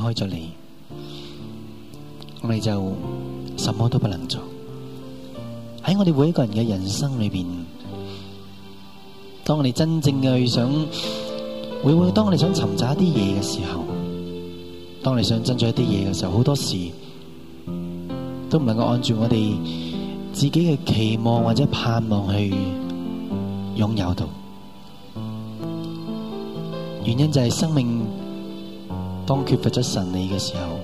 開咗你，我哋就什麼都不能做。喺我哋每一個人嘅人生裏邊，當我哋真正嘅去想，會唔會當我哋想尋找一啲嘢嘅時候，當你想爭取一啲嘢嘅時候，好多事都唔能夠按住我哋自己嘅期望或者盼望去擁有到。原因就係生命。當缺乏咗神你嘅時候，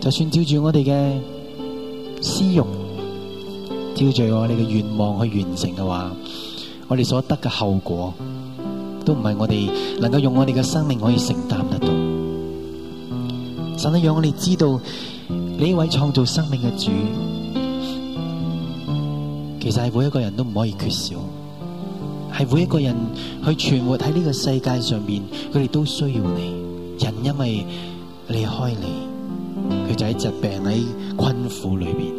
就算照住我哋嘅私欲，照住我哋嘅願望去完成嘅話，我哋所得嘅後果，都唔係我哋能夠用我哋嘅生命可以承擔得到。神啊，讓我哋知道你呢位創造生命嘅主，其實係每一個人都唔可以缺少，係每一個人去存活喺呢個世界上面，佢哋都需要你。人因為離開你，佢就喺疾病喺困苦裏邊；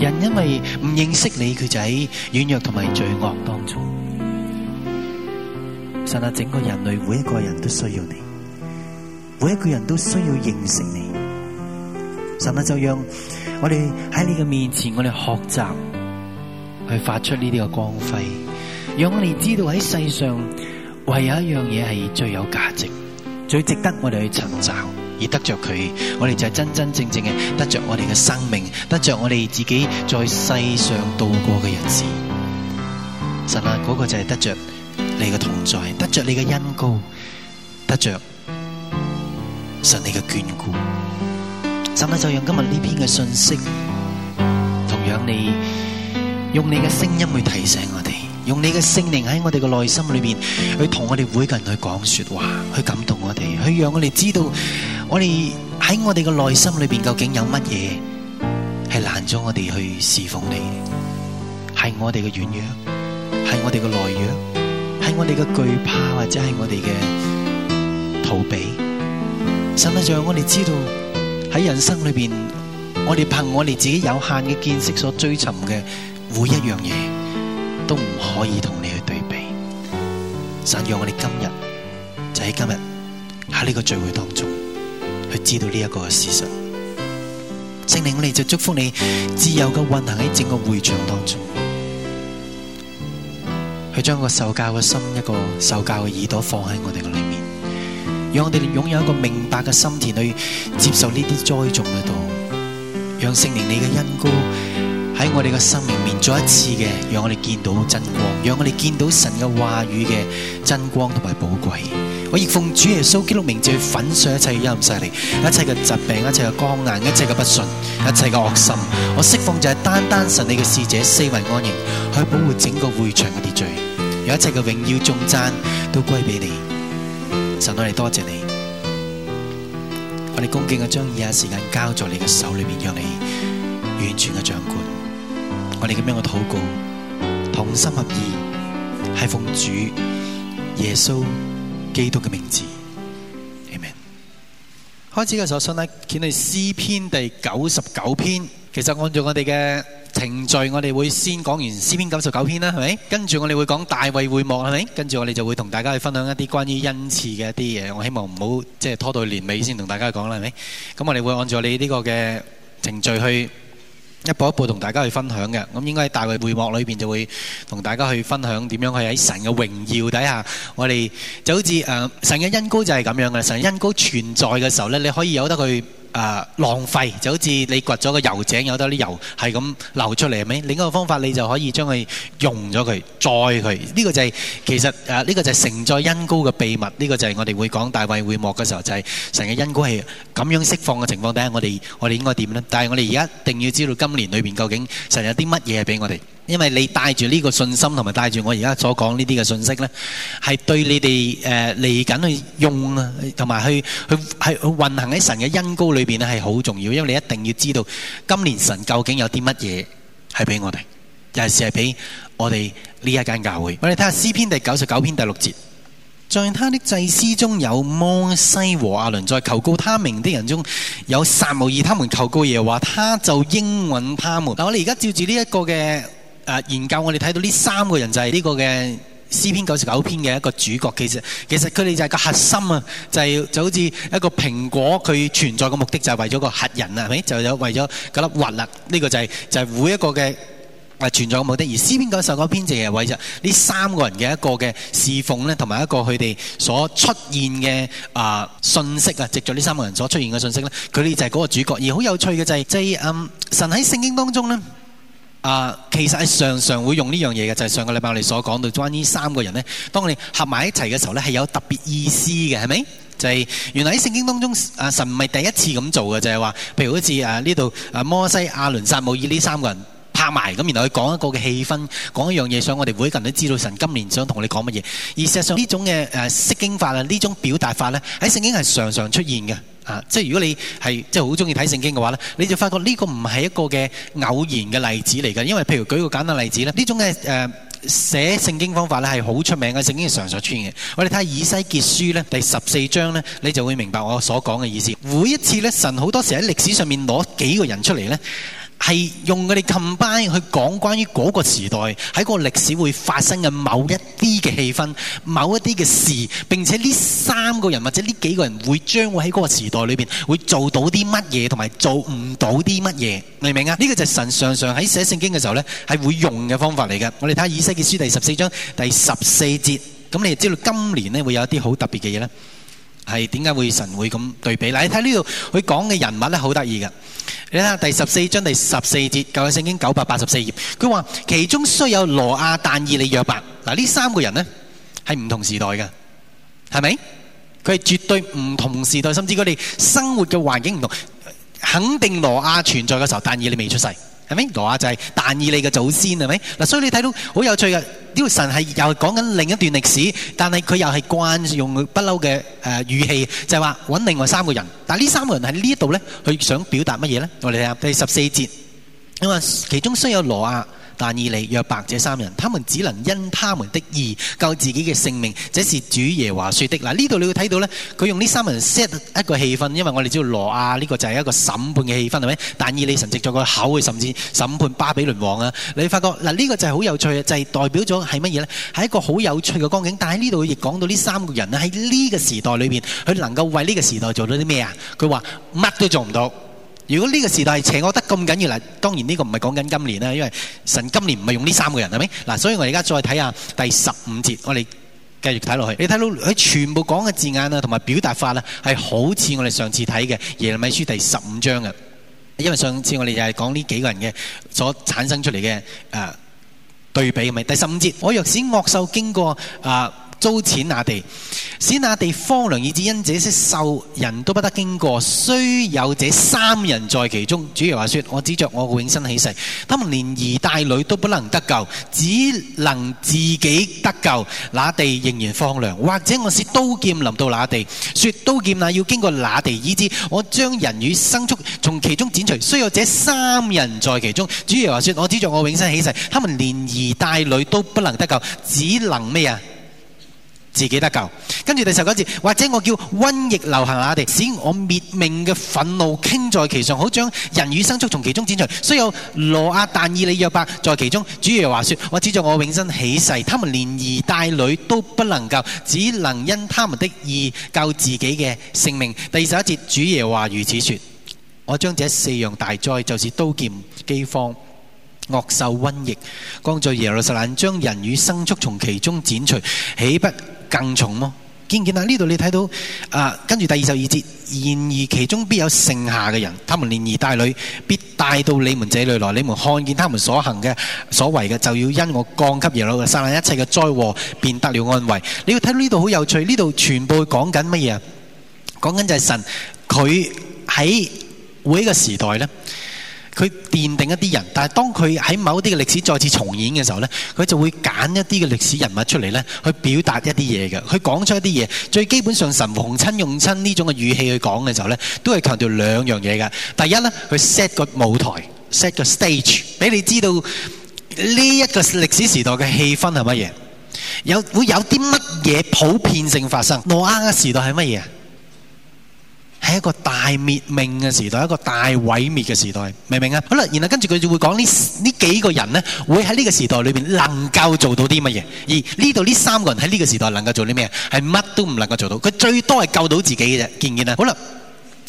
人因為唔認識你，佢就喺軟弱同埋罪惡當中。神啊，整個人類每一個人都需要你，每一個人都需要認識你。神啊，就讓我哋喺你嘅面前，我哋學習去發出呢啲嘅光輝，讓我哋知道喺世上唯有一樣嘢係最有價值。最值得我哋去尋找，而得着佢，我哋就係真真正正嘅得着我哋嘅生命，得着我哋自己在世上度過嘅日子。神啊，嗰個就係得着你嘅同在，得着你嘅恩膏，得着神你嘅眷顧。神啊，就用今日呢篇嘅信息，同樣你用你嘅聲音去提醒我哋。用你嘅聖靈喺我哋嘅內心裏邊，去同我哋每個人去講說話，去感動我哋，去讓我哋知道，我哋喺我哋嘅內心裏邊究竟有乜嘢係難咗我哋去侍奉你？係我哋嘅軟弱，係我哋嘅懦弱，係我哋嘅懼怕或者係我哋嘅逃避。甚至讓我哋知道喺人生裏邊，我哋憑我哋自己有限嘅見識所追尋嘅每一樣嘢。都唔可以同你去對比，想讓我哋今日就喺今日喺呢個聚會當中去知道呢一個事實。聖靈，我哋就祝福你自由嘅運行喺整個會場當中，去將個受教嘅心、一個受教嘅耳朵放喺我哋嘅裡面，讓我哋擁有一個明白嘅心田去接受呢啲栽種喺度，讓聖靈你嘅恩膏，喺我哋嘅生命面再一次嘅，讓我哋見到真光，讓我哋見到神嘅話語嘅真光同埋寶貴。我亦奉主耶穌基督名字去粉碎一切陰暗勢力，一切嘅疾病，一切嘅光暗，一切嘅不信，一切嘅惡心。我釋放就係單單神你嘅使者四圍安營，去保護整個會場嘅秩序，有一切嘅榮耀頌讚都歸俾你。神我哋多謝你，我哋恭敬嘅將以下時間交在你嘅手裏面，讓你完全嘅掌管。我哋咁樣嘅禱告，同心合意，係奉主耶穌基督嘅名字，係咪？開始嘅時候，信呢，見你詩篇第九十九篇。其實按照我哋嘅程序，我哋會先講完詩篇九十九篇啦，係咪？跟住我哋會講大衛會幕，係咪？跟住我哋就會同大家去分享一啲關於恩賜嘅一啲嘢。我希望唔好即係拖到年尾先同大家講啦，係咪？咁我哋會按照你呢個嘅程序去。一步一步同大家去分享嘅，咁應該大衛會幕裏邊就會同大家去分享點樣去喺神嘅榮耀底下，我哋就好似、呃、神嘅恩膏就係咁樣嘅，神恩膏存在嘅時候咧，你可以由得佢。啊！浪費就好似你掘咗個油井，有得啲油係咁流出嚟係咪？另一個方法你就可以將佢用咗佢，載佢呢個就係其實誒呢個就係承載恩膏嘅秘密。呢個就係我哋會講大衛會幕嘅時候，就係神嘅恩膏係咁樣釋放嘅情況底下，我哋我哋應該點咧？但係我哋而家一定要知道今年裏邊究竟神有啲乜嘢係俾我哋？因為你帶住呢個信心同埋帶住我而家所講呢啲嘅信息咧，係對你哋誒嚟緊去用啊，同埋去去係去運行喺神嘅恩膏裏。變咧係好重要，因為你一定要知道今年神究竟有啲乜嘢係俾我哋，尤其是係俾我哋呢一間教會。我哋睇下詩篇第九十九篇第六節，在他的祭司中有摩西和亞倫，在求告他名的人中有撒母耳，他們求告耶和華，他就應允他們。嗱，我哋而家照住呢一個嘅誒研究，我哋睇到呢三個人就係呢個嘅。詩篇九十九篇嘅一個主角，其實其實佢哋就係個核心啊，就係、是、就好似一個蘋果，佢存在嘅目的就係為咗個核仁啊，係咪就有為咗嗰粒核啦？呢、這個就係、是、就係、是、每一個嘅啊存在嘅目的。而詩篇九十九篇就係為咗呢三個人嘅一個嘅侍奉咧，同埋一個佢哋所出現嘅啊、呃、信息啊，藉着呢三個人所出現嘅信息咧，佢哋就係嗰個主角。而好有趣嘅就係、是，即係啊神喺聖經當中咧。啊、uh，其實係常常會用呢樣嘢嘅，就係上個禮拜我哋所講到關於三個人呢，當你合埋一齊嘅時候呢係有特別意思嘅，係咪？就係原來喺聖經當中，啊神唔係第一次這咁做嘅，就係話譬如好似啊呢度啊摩西、亞倫、撒母耳呢三個人。拍埋咁，然後去講一個嘅氣氛，講一樣嘢，想我哋每一個人都知道神今年想同你講乜嘢。而事實上呢種嘅誒釋經法啊，呢種表達法咧，喺聖經係常常出現嘅。啊，即係如果你係即係好中意睇聖經嘅話咧，你就發覺呢個唔係一個嘅偶然嘅例子嚟嘅。因為譬如舉個簡單例子咧，呢種嘅誒寫聖經方法咧係好出名嘅，聖經係常常出現嘅。我哋睇以西結書咧第十四章咧，你就會明白我所講嘅意思。每一次咧，神好多時喺歷史上面攞幾個人出嚟咧。係用佢哋 combine 去講關於嗰個時代喺個歷史會發生嘅某一啲嘅氣氛，某一啲嘅事，並且呢三個人或者呢幾個人會將會喺嗰個時代裏邊會做到啲乜嘢，同埋做唔到啲乜嘢，明唔明啊？呢個就係神常常喺寫聖經嘅時候呢係會用嘅方法嚟嘅。我哋睇下以西結書第十四章第十四節，咁你就知道今年呢會有一啲好特別嘅嘢呢。係點解會神會咁對比？嗱，你睇呢度佢講嘅人物咧好得意㗎。你睇下第十四章第十四節《舊約聖經》九百八十四頁，佢話其中雖有羅亞、但以理、約伯。嗱，呢三個人咧係唔同時代嘅，係咪？佢係絕對唔同時代，甚至佢哋生活嘅環境唔同。肯定羅亞存在嘅時候，但以理未出世。係咪羅亞就係但以理嘅祖先，係咪？嗱，所以你睇到好有趣嘅，因為神係又講緊另一段歷史，但係佢又係慣用不嬲嘅誒語氣，就係話揾另外三個人。但係呢三個人喺呢一度咧，佢想表達乜嘢咧？我哋睇下第十四節，因為其中雖有羅亞。但以理、約伯這三人，他們只能因他們的義救自己嘅性命。這是主耶和華說的。嗱，呢度你會睇到咧，佢用呢三個人 set 一個氣氛，因為我哋知道羅亞呢個就係一個審判嘅氣氛，係咪？但以理，神藉著個口，甚至審判巴比倫王啊，你發覺嗱，呢個就係好有趣，就係代表咗係乜嘢咧？係一個好有趣嘅光景。但喺呢度亦講到呢三個人咧，喺呢個時代裏邊，佢能夠為呢個時代做到啲咩啊？佢話乜都做唔到。如果呢個時代係邪惡得咁緊要，嗱，當然呢個唔係講緊今年啦，因為神今年唔係用呢三個人，係咪？嗱，所以我而家再睇下第十五節，我哋繼續睇落去。你睇到佢全部講嘅字眼啊，同埋表達法啊，係好似我哋上次睇嘅耶利米書第十五章嘅，因為上次我哋就係講呢幾個人嘅所產生出嚟嘅誒對比，係咪？第十五節，我若使惡獸經過啊。呃租錢那地，使那地荒涼，以致因這些獸人都不得經過。雖有這三人在其中，主耶穌話：說我指著我永生起誓，他們連兒帶女都不能得救，只能自己得救。那地仍然荒涼，或者我使刀劍臨到那地，説刀劍啊，要經過那地，以致我將人與牲畜從其中剪除。雖有這三人在其中，主耶穌話：說我指著我永生起誓，他們連兒帶女都不能得救，只能咩啊？自己得救。跟住第十九節，或者我叫瘟疫流行阿地，使我滅命嘅憤怒傾在其上，好將人與牲畜從其中剪除。雖有羅亞但以理約伯在其中，主耶和華說，我指著我永生起誓，他們連兒帶女都不能夠，只能因他們的義救自己嘅性命。第二十一節，主耶和華如此說，我將這四樣大災，就是刀劍、饑荒、惡獸、瘟疫，降在耶路撒冷，將人與牲畜從其中剪除，豈不？更重咯，見唔見這裡看到啊？呢度你睇到啊，跟住第二十二節，然而其中必有剩下嘅人，他們連兒帶女必帶到你們這裡來，你們看見他們所行嘅、所為嘅，就要因我降給耶路撒冷一切嘅災禍，便得了安慰。你要睇到呢度好有趣，呢度全部講緊乜嘢？講緊就係神佢喺每一個時代呢。佢奠定一啲人，但係當佢喺某啲嘅歷史再次重演嘅時候咧，佢就會揀一啲嘅歷史人物出嚟咧，去表達一啲嘢嘅。佢講出一啲嘢，最基本上神逢親用親呢種嘅語氣去講嘅時候咧，都係強調兩樣嘢嘅。第一咧，佢 set 個舞台，set 個 stage，俾你知道呢一個歷史時代嘅氣氛係乜嘢，有會有啲乜嘢普遍性發生。挪亞嘅時代係乜嘢？係一個大滅命嘅時代，一個大毀滅嘅時代，明唔明啊？好啦，然後跟住佢就會講呢呢幾個人咧，會喺呢個時代裏邊能夠做到啲乜嘢？而呢度呢三個人喺呢個時代能夠做啲咩？係乜都唔能夠做到，佢最多係救到自己嘅啫。見唔見啊？好啦，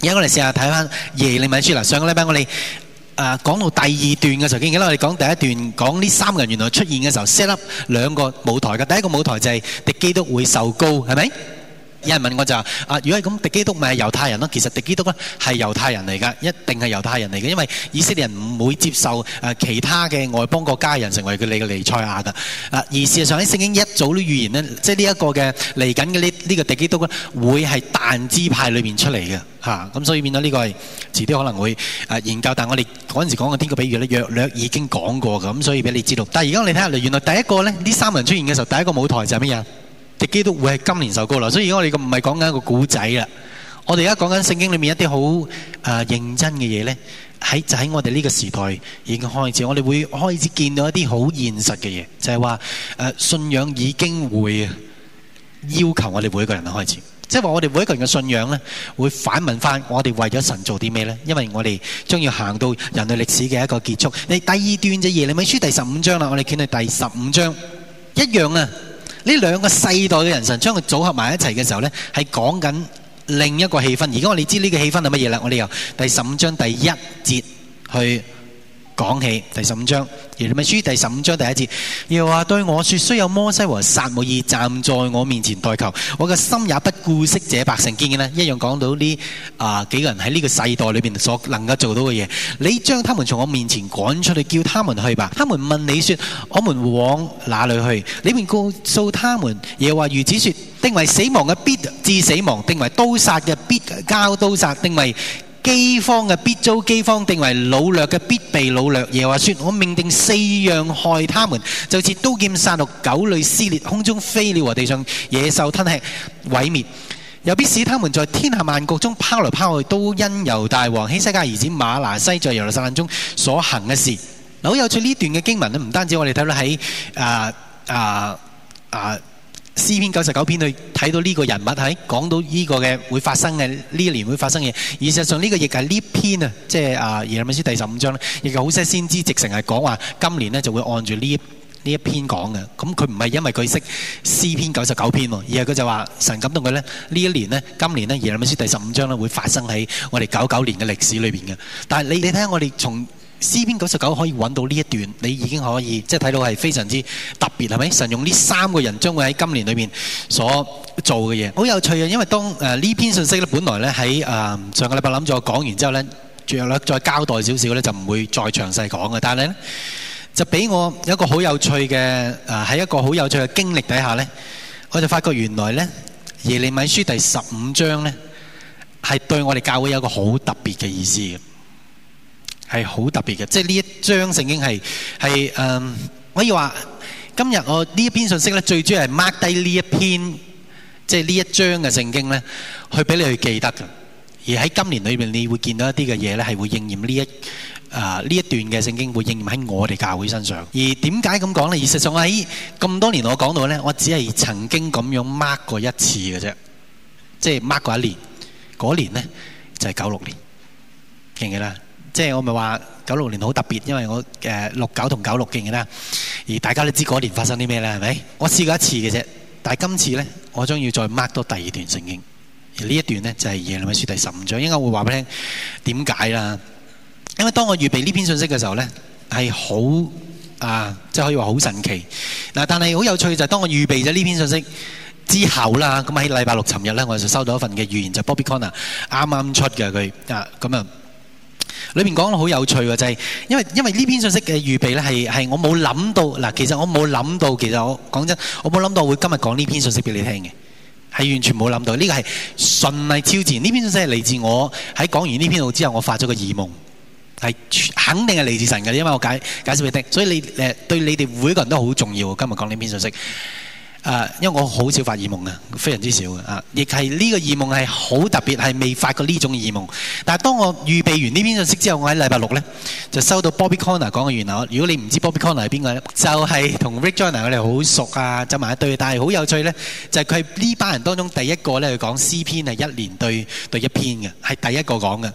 而家我哋試下睇翻耶利米書啦。上個禮拜我哋啊講到第二段嘅時候，見唔見啦？我哋講第一段，講呢三個人原來出現嘅時候 set up 兩個舞台嘅，第一個舞台就係敵基督會受膏，係咪？有人問我就話，啊，如果係咁敵基督咪係猶太人咯？其實敵基督咧係猶太人嚟㗎，一定係猶太人嚟㗎，因為以色列人唔會接受誒、啊、其他嘅外邦國家人成為佢哋嘅尼賽亞噶。啊，而事實上喺聖經一早都預言呢，即係呢一個嘅嚟緊嘅呢呢個敵、這個、基督咧，會係但支派裏面出嚟嘅嚇。咁、啊嗯、所以變咗呢個係遲啲可能會誒、啊、研究。但係我哋嗰陣時講嘅呢個比喻咧，約略已經講過㗎，咁、嗯、所以俾你知道。但係而家你睇下嚟，原來第一個咧，呢三人出現嘅時候，第一個舞台就係咩嘢？敵基督會係今年受膏啦，所以我哋唔係講緊一個古仔啦。我哋而家講緊聖經裏面一啲好誒認真嘅嘢咧，喺就喺我哋呢個時代已經開始。我哋會開始見到一啲好現實嘅嘢，就係話誒信仰已經會要求我哋每一個人開始，即係話我哋每一個人嘅信仰咧，會反問翻我哋為咗神做啲咩咧？因為我哋將要行到人類歷史嘅一個結束。誒，第二段就耶利米書第十五章啦，我哋見到第十五章一樣啊。呢兩個世代嘅人，神將佢組合埋一齊嘅時候呢，係講緊另一個氣氛。而家我哋知呢個氣氛係乜嘢啦。我哋由第十五章第一節去。講起第十五章，耶利米書第十五章第一節，又話對我說：雖有摩西和撒母耳站在我面前代求，我嘅心也不顧惜這百姓。見，見呢一樣講到呢啊、呃、幾個人喺呢個世代裏邊所能夠做到嘅嘢。你將他們從我面前趕出去，叫他們去吧。他們問你說：我們往哪裏去？你便告訴他們，又話如此說：定為死亡嘅必致死亡，定為刀殺嘅必交刀殺，定為。饑荒嘅必遭饑荒，定為擄掠嘅必被擄掠。耶和華說，我命定四樣害他們，就似刀劍殺戮、狗類撕裂、空中飛鳥和地上野獸吞吃、毀滅。又必使他們在天下萬國中拋來拋去，都因由大王希西家兒子馬拿西在耶路撒冷中所行嘅事。嗱，好有趣呢段嘅經文咧，唔單止我哋睇到喺啊啊啊！詩篇九十九篇去睇到呢個人物喺講到呢個嘅會發生嘅呢一年會發生嘢，而事實上呢個亦係呢篇是啊，即係啊耶利米書第十五章咧，亦係好些先知直情係講話今年咧就會按住呢呢一篇講嘅。咁佢唔係因為佢識詩篇九十九篇喎，而係佢就話神感動佢咧，呢一年咧，今年咧，耶利米書第十五章咧會發生喺我哋九九年嘅歷史裏邊嘅。但係你你睇下我哋從。詩篇九十九可以揾到呢一段，你已經可以即係睇到係非常之特別，係咪？神用呢三個人將會喺今年裏面所做嘅嘢，好有趣啊！因為當誒呢、呃、篇信息咧，本來咧喺誒上個禮拜諗住我講完之後咧，最後再交代少少咧，就唔會再詳細講嘅。但係咧，就俾我有一個好有趣嘅誒，喺、呃、一個好有趣嘅經歷底下咧，我就發覺原來咧耶利米書第十五章咧係對我哋教會有一個好特別嘅意思嘅。係好特別嘅，即係呢一章聖經係係誒可以話，今日我呢一篇信息咧，最主要係 mark 低呢一篇，即係呢一章嘅聖經咧，去俾你去記得嘅。而喺今年裏邊，你會見到一啲嘅嘢咧，係會應驗呢一啊呢、呃、一段嘅聖經，會應驗喺我哋教會身上。而點解咁講呢？而實在係咁多年我講到咧，我只係曾經咁樣 mark 過一次嘅啫，即係 mark 過一年。嗰年呢，就係九六年，記唔記得？即係我咪話九六年好特別，因為我誒六九同九六經嘅啦，而大家都知嗰年發生啲咩啦，係咪？我試過一次嘅啫，但係今次咧，我將要再 mark 多第二段聖經，而呢一段咧就係耶利米書第十五章，應該會話俾你聽點解啦？因為當我預備呢篇信息嘅時候咧，係好啊，即係可以話好神奇嗱、啊。但係好有趣就係當我預備咗呢篇信息之後啦，咁喺禮拜六尋日咧，我就收到一份嘅預言，就 Bobbi Connor 啱啱出嘅佢咁啊。裏面講得好有趣喎，就係、是、因為因為呢篇信息嘅預備咧，係係我冇諗到嗱，其實我冇諗到，其實我講真，我冇諗到我會今日講呢篇信息俾你聽嘅，係完全冇諗到，呢、這個係純係超自然，呢篇信息係嚟自我喺講完呢篇後之後，我發咗個異夢，係肯定係嚟自神嘅，因為我解解釋俾你聽，所以你誒對你哋每個人都好重要，今日講呢篇信息。誒、uh，因為我好少發異夢啊，非常之少嘅。啊，亦係呢個異夢係好特別，係未發過呢種異夢。但係當我預備完呢篇信息之後，我喺禮拜六呢就收到 Bobby Connor 講嘅原來。如果你唔知道 Bobby Connor 係邊個呢，就係、是、同 Rick Joyner 我哋好熟啊，走埋一對。但係好有趣呢，就係佢呢班人當中第一個呢，係講 C 篇係一年對對一篇嘅，係第一個講嘅。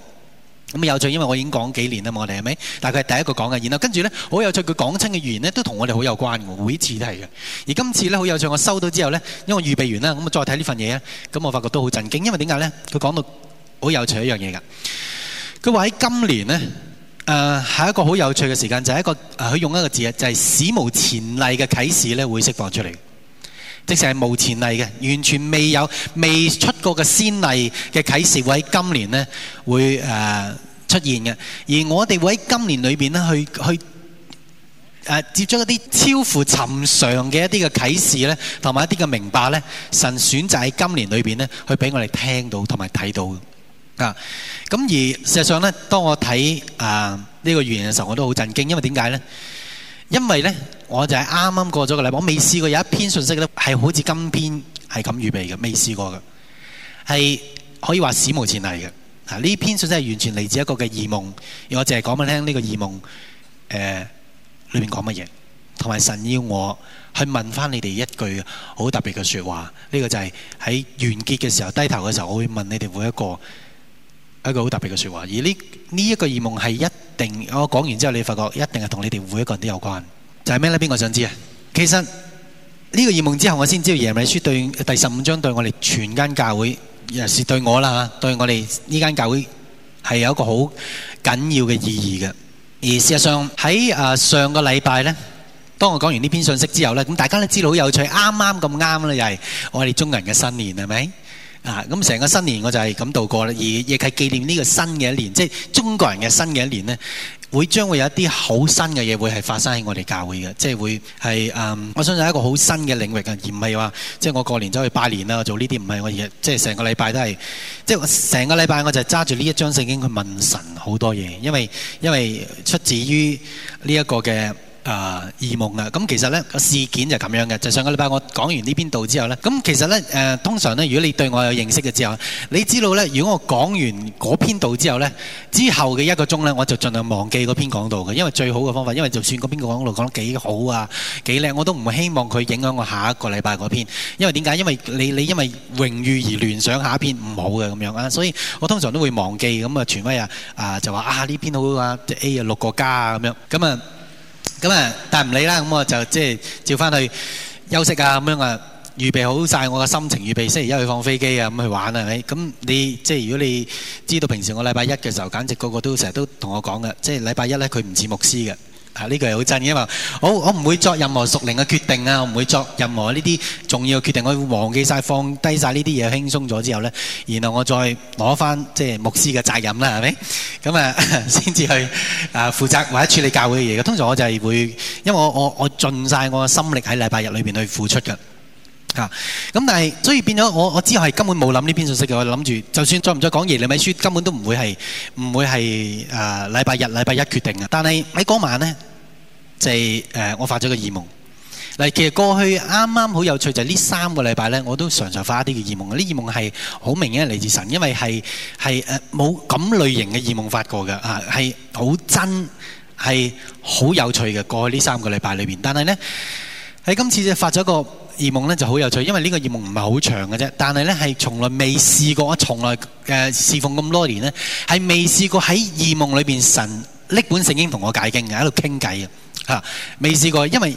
咁有趣，因為我已經講幾年啦嘛，我哋係咪？但係佢係第一個講嘅，然後跟住咧好有趣，佢講親嘅語言咧都同我哋好有關，每次都係嘅。而今次咧好有趣，我收到之後咧，因為我預備完啦，咁啊再睇呢份嘢，咁我發覺都好震驚，因為點解咧？佢講到好有趣一樣嘢㗎，佢話喺今年呢，誒、呃、係一個好有趣嘅時間，就係、是、一個佢用一個字啊，就係、是、史無前例嘅啟示咧，會釋放出嚟。即使係無前例嘅，完全未有、未出過嘅先例嘅啟示，會喺今年呢會誒、呃、出現嘅。而我哋會喺今年裏邊呢去去誒、啊、接觸一啲超乎尋常嘅一啲嘅啟示咧，同埋一啲嘅明白咧，神選擇喺今年裏邊咧去俾我哋聽到同埋睇到啊，咁而事實上咧，當我睇誒呢個預言嘅時候，我都好震驚，因為點解咧？因為呢，我就係啱啱過咗個禮拜，我未試過有一篇信息咧係好似今篇係咁預備嘅，未試過嘅，係可以話史無前例嘅。啊，呢篇信息係完全嚟自一個嘅異夢，而我淨係講問聽呢個異夢誒、呃、裏面講乜嘢，同埋神要我去問翻你哋一句好特別嘅說話。呢、呢個就係喺完結嘅時候低頭嘅時候，我會問你哋每一個。一個好特別嘅説話，而呢呢一個異夢係一定，我講完之後你發覺一定係同你哋每一個人都有關，就係咩呢？邊個想知啊？其實呢個異夢之後，我先知道耶利米書對第十五章對我哋全間教會，尤其是對我啦嚇，對我哋呢間教會係有一個好緊要嘅意義嘅。而事實上喺誒上個禮拜呢，當我講完呢篇信息之後呢，咁大家都知道好有趣，啱啱咁啱啦，又係我哋中國人嘅新年係咪？啊！咁成個新年我就係咁度過啦，而亦係紀念呢個新嘅一年，即係中國人嘅新嘅一年咧，會將會有一啲好新嘅嘢會係發生喺我哋教會嘅，即係會係、嗯、我相信係一個好新嘅領域嘅，而唔係話即係我過年走去拜年啦，我做呢啲唔係我而即係成個禮拜都係，即係成個禮拜我就係揸住呢一張聖經去問神好多嘢，因為因為出自於呢一個嘅。啊、uh,！異夢啊！咁其實呢個事件就咁樣嘅。就是，上個禮拜我講完呢篇道之後呢，咁其實呢，誒、呃、通常呢，如果你對我有認識嘅之後，你知道呢，如果我講完嗰篇道之後呢，之後嘅一個鐘呢，我就盡量忘記嗰篇講道嘅，因為最好嘅方法，因為就算嗰邊個講道講得幾好啊幾靚，我都唔希望佢影響我下一個禮拜嗰篇。因為點解？因為你你因為榮譽而聯想下一篇唔好嘅咁樣啊，所以我通常都會忘記咁啊，傳威啊啊就話啊呢篇好啊，即 A 啊六個加啊咁樣咁啊。但唔理啦，咁我就照返去休息啊，咁樣啊，預備好晒我個心情，預備星期一去放飛機啊，咁去玩啊。咁你即係如果你知道平時我禮拜一嘅時候，簡直個個都成日都同我講嘅，即禮拜一呢他佢唔似牧師㗎。啊！呢句係好真嘅嘛，因為我唔會作任何屬靈嘅決定啊，唔會作任何呢啲重要嘅決定。我會忘記曬，放低曬呢啲嘢，輕鬆咗之後咧，然後我再攞翻即係牧師嘅責任啦，係咪？咁啊，先至去啊負責或者處理教會嘅嘢。通常我就係會，因為我我我盡曬我嘅心力喺禮拜日裏邊去付出嘅。啊、嗯！咁但係，所以變咗我我之後係根本冇諗呢篇信息嘅，我諗住就算再唔再講耶利米書，根本都唔會係唔會係誒、呃、禮拜日禮拜一決定嘅。但係喺嗰晚呢，就係、是、誒、呃、我發咗個異夢。嗱，其實過去啱啱好有趣，就係、是、呢三個禮拜咧，我都常常發一啲嘅異夢，呢啲異夢係好明顯嘅，嚟自神，因為係係誒冇咁類型嘅異夢發過嘅啊，係好真係好有趣嘅。過去呢三個禮拜裏邊，但係呢，喺今次就發咗個。異夢咧就好有趣，因為呢個異夢唔係好長嘅啫，但係咧係從來未試過，我從來誒侍奉咁多年咧，係未試過喺異夢裏邊神拎本聖經同我解經嘅，喺度傾偈嘅嚇，未試過，因為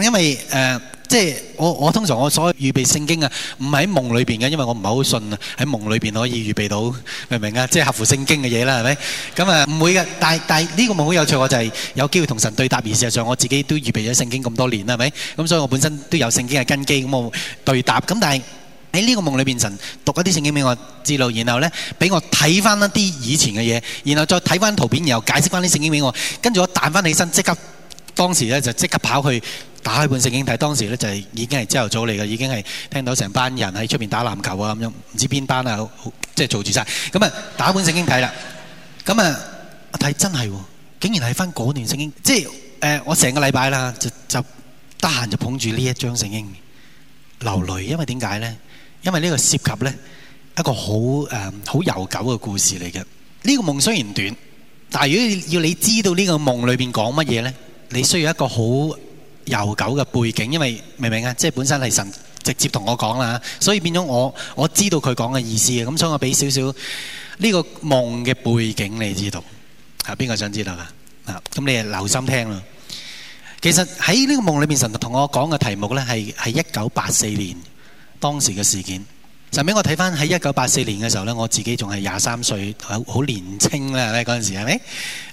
因為誒。呃即係我我通常我所謂預備聖經啊，唔係喺夢裏邊嘅，因為我唔係好信啊。喺夢裏邊可以預備到，明唔明啊？即係合乎聖經嘅嘢啦，係咪？咁啊，唔會嘅。但係但係呢個夢好有趣，我就係有機會同神對答。而事實上，我自己都預備咗聖經咁多年啦，係咪？咁所以我本身都有聖經嘅根基，咁我對答。咁但係喺呢個夢裏邊，神讀一啲聖經俾我知道，然後咧俾我睇翻一啲以前嘅嘢，然後再睇翻圖片，然後解釋翻啲聖經俾我。跟住我彈翻起身，即刻當時咧就即刻跑去。打開本聖經睇，當時咧就係已經係朝頭早嚟嘅，已經係聽到成班人喺出邊打籃球啊，咁樣唔知邊班啊，即係做住晒。咁啊。打開本聖經睇啦，咁啊，我睇真係竟然係翻嗰段聖經，即係誒我成個禮拜啦，就就得閒就就捧住呢一張聖經流淚，因為點解咧？因為呢個涉及咧一個好誒好悠久嘅故事嚟嘅。呢、呢個夢雖然短，但係如果你要你知道呢個夢裏邊講乜嘢咧，你需要一個好悠久嘅背景，因為明唔明啊？即係本身係神直接同我講啦，所以變咗我我知道佢講嘅意思嘅。咁所以我俾少少呢個夢嘅背景，你知道係邊個想知道㗎？嗱，咁你哋留心聽啦。其實喺呢個夢裏面，神同我講嘅題目咧，係係一九八四年當時嘅事件。神俾我睇翻喺一九八四年嘅時候咧，我自己仲係廿三歲，好好年青啦。嗰陣時係咪？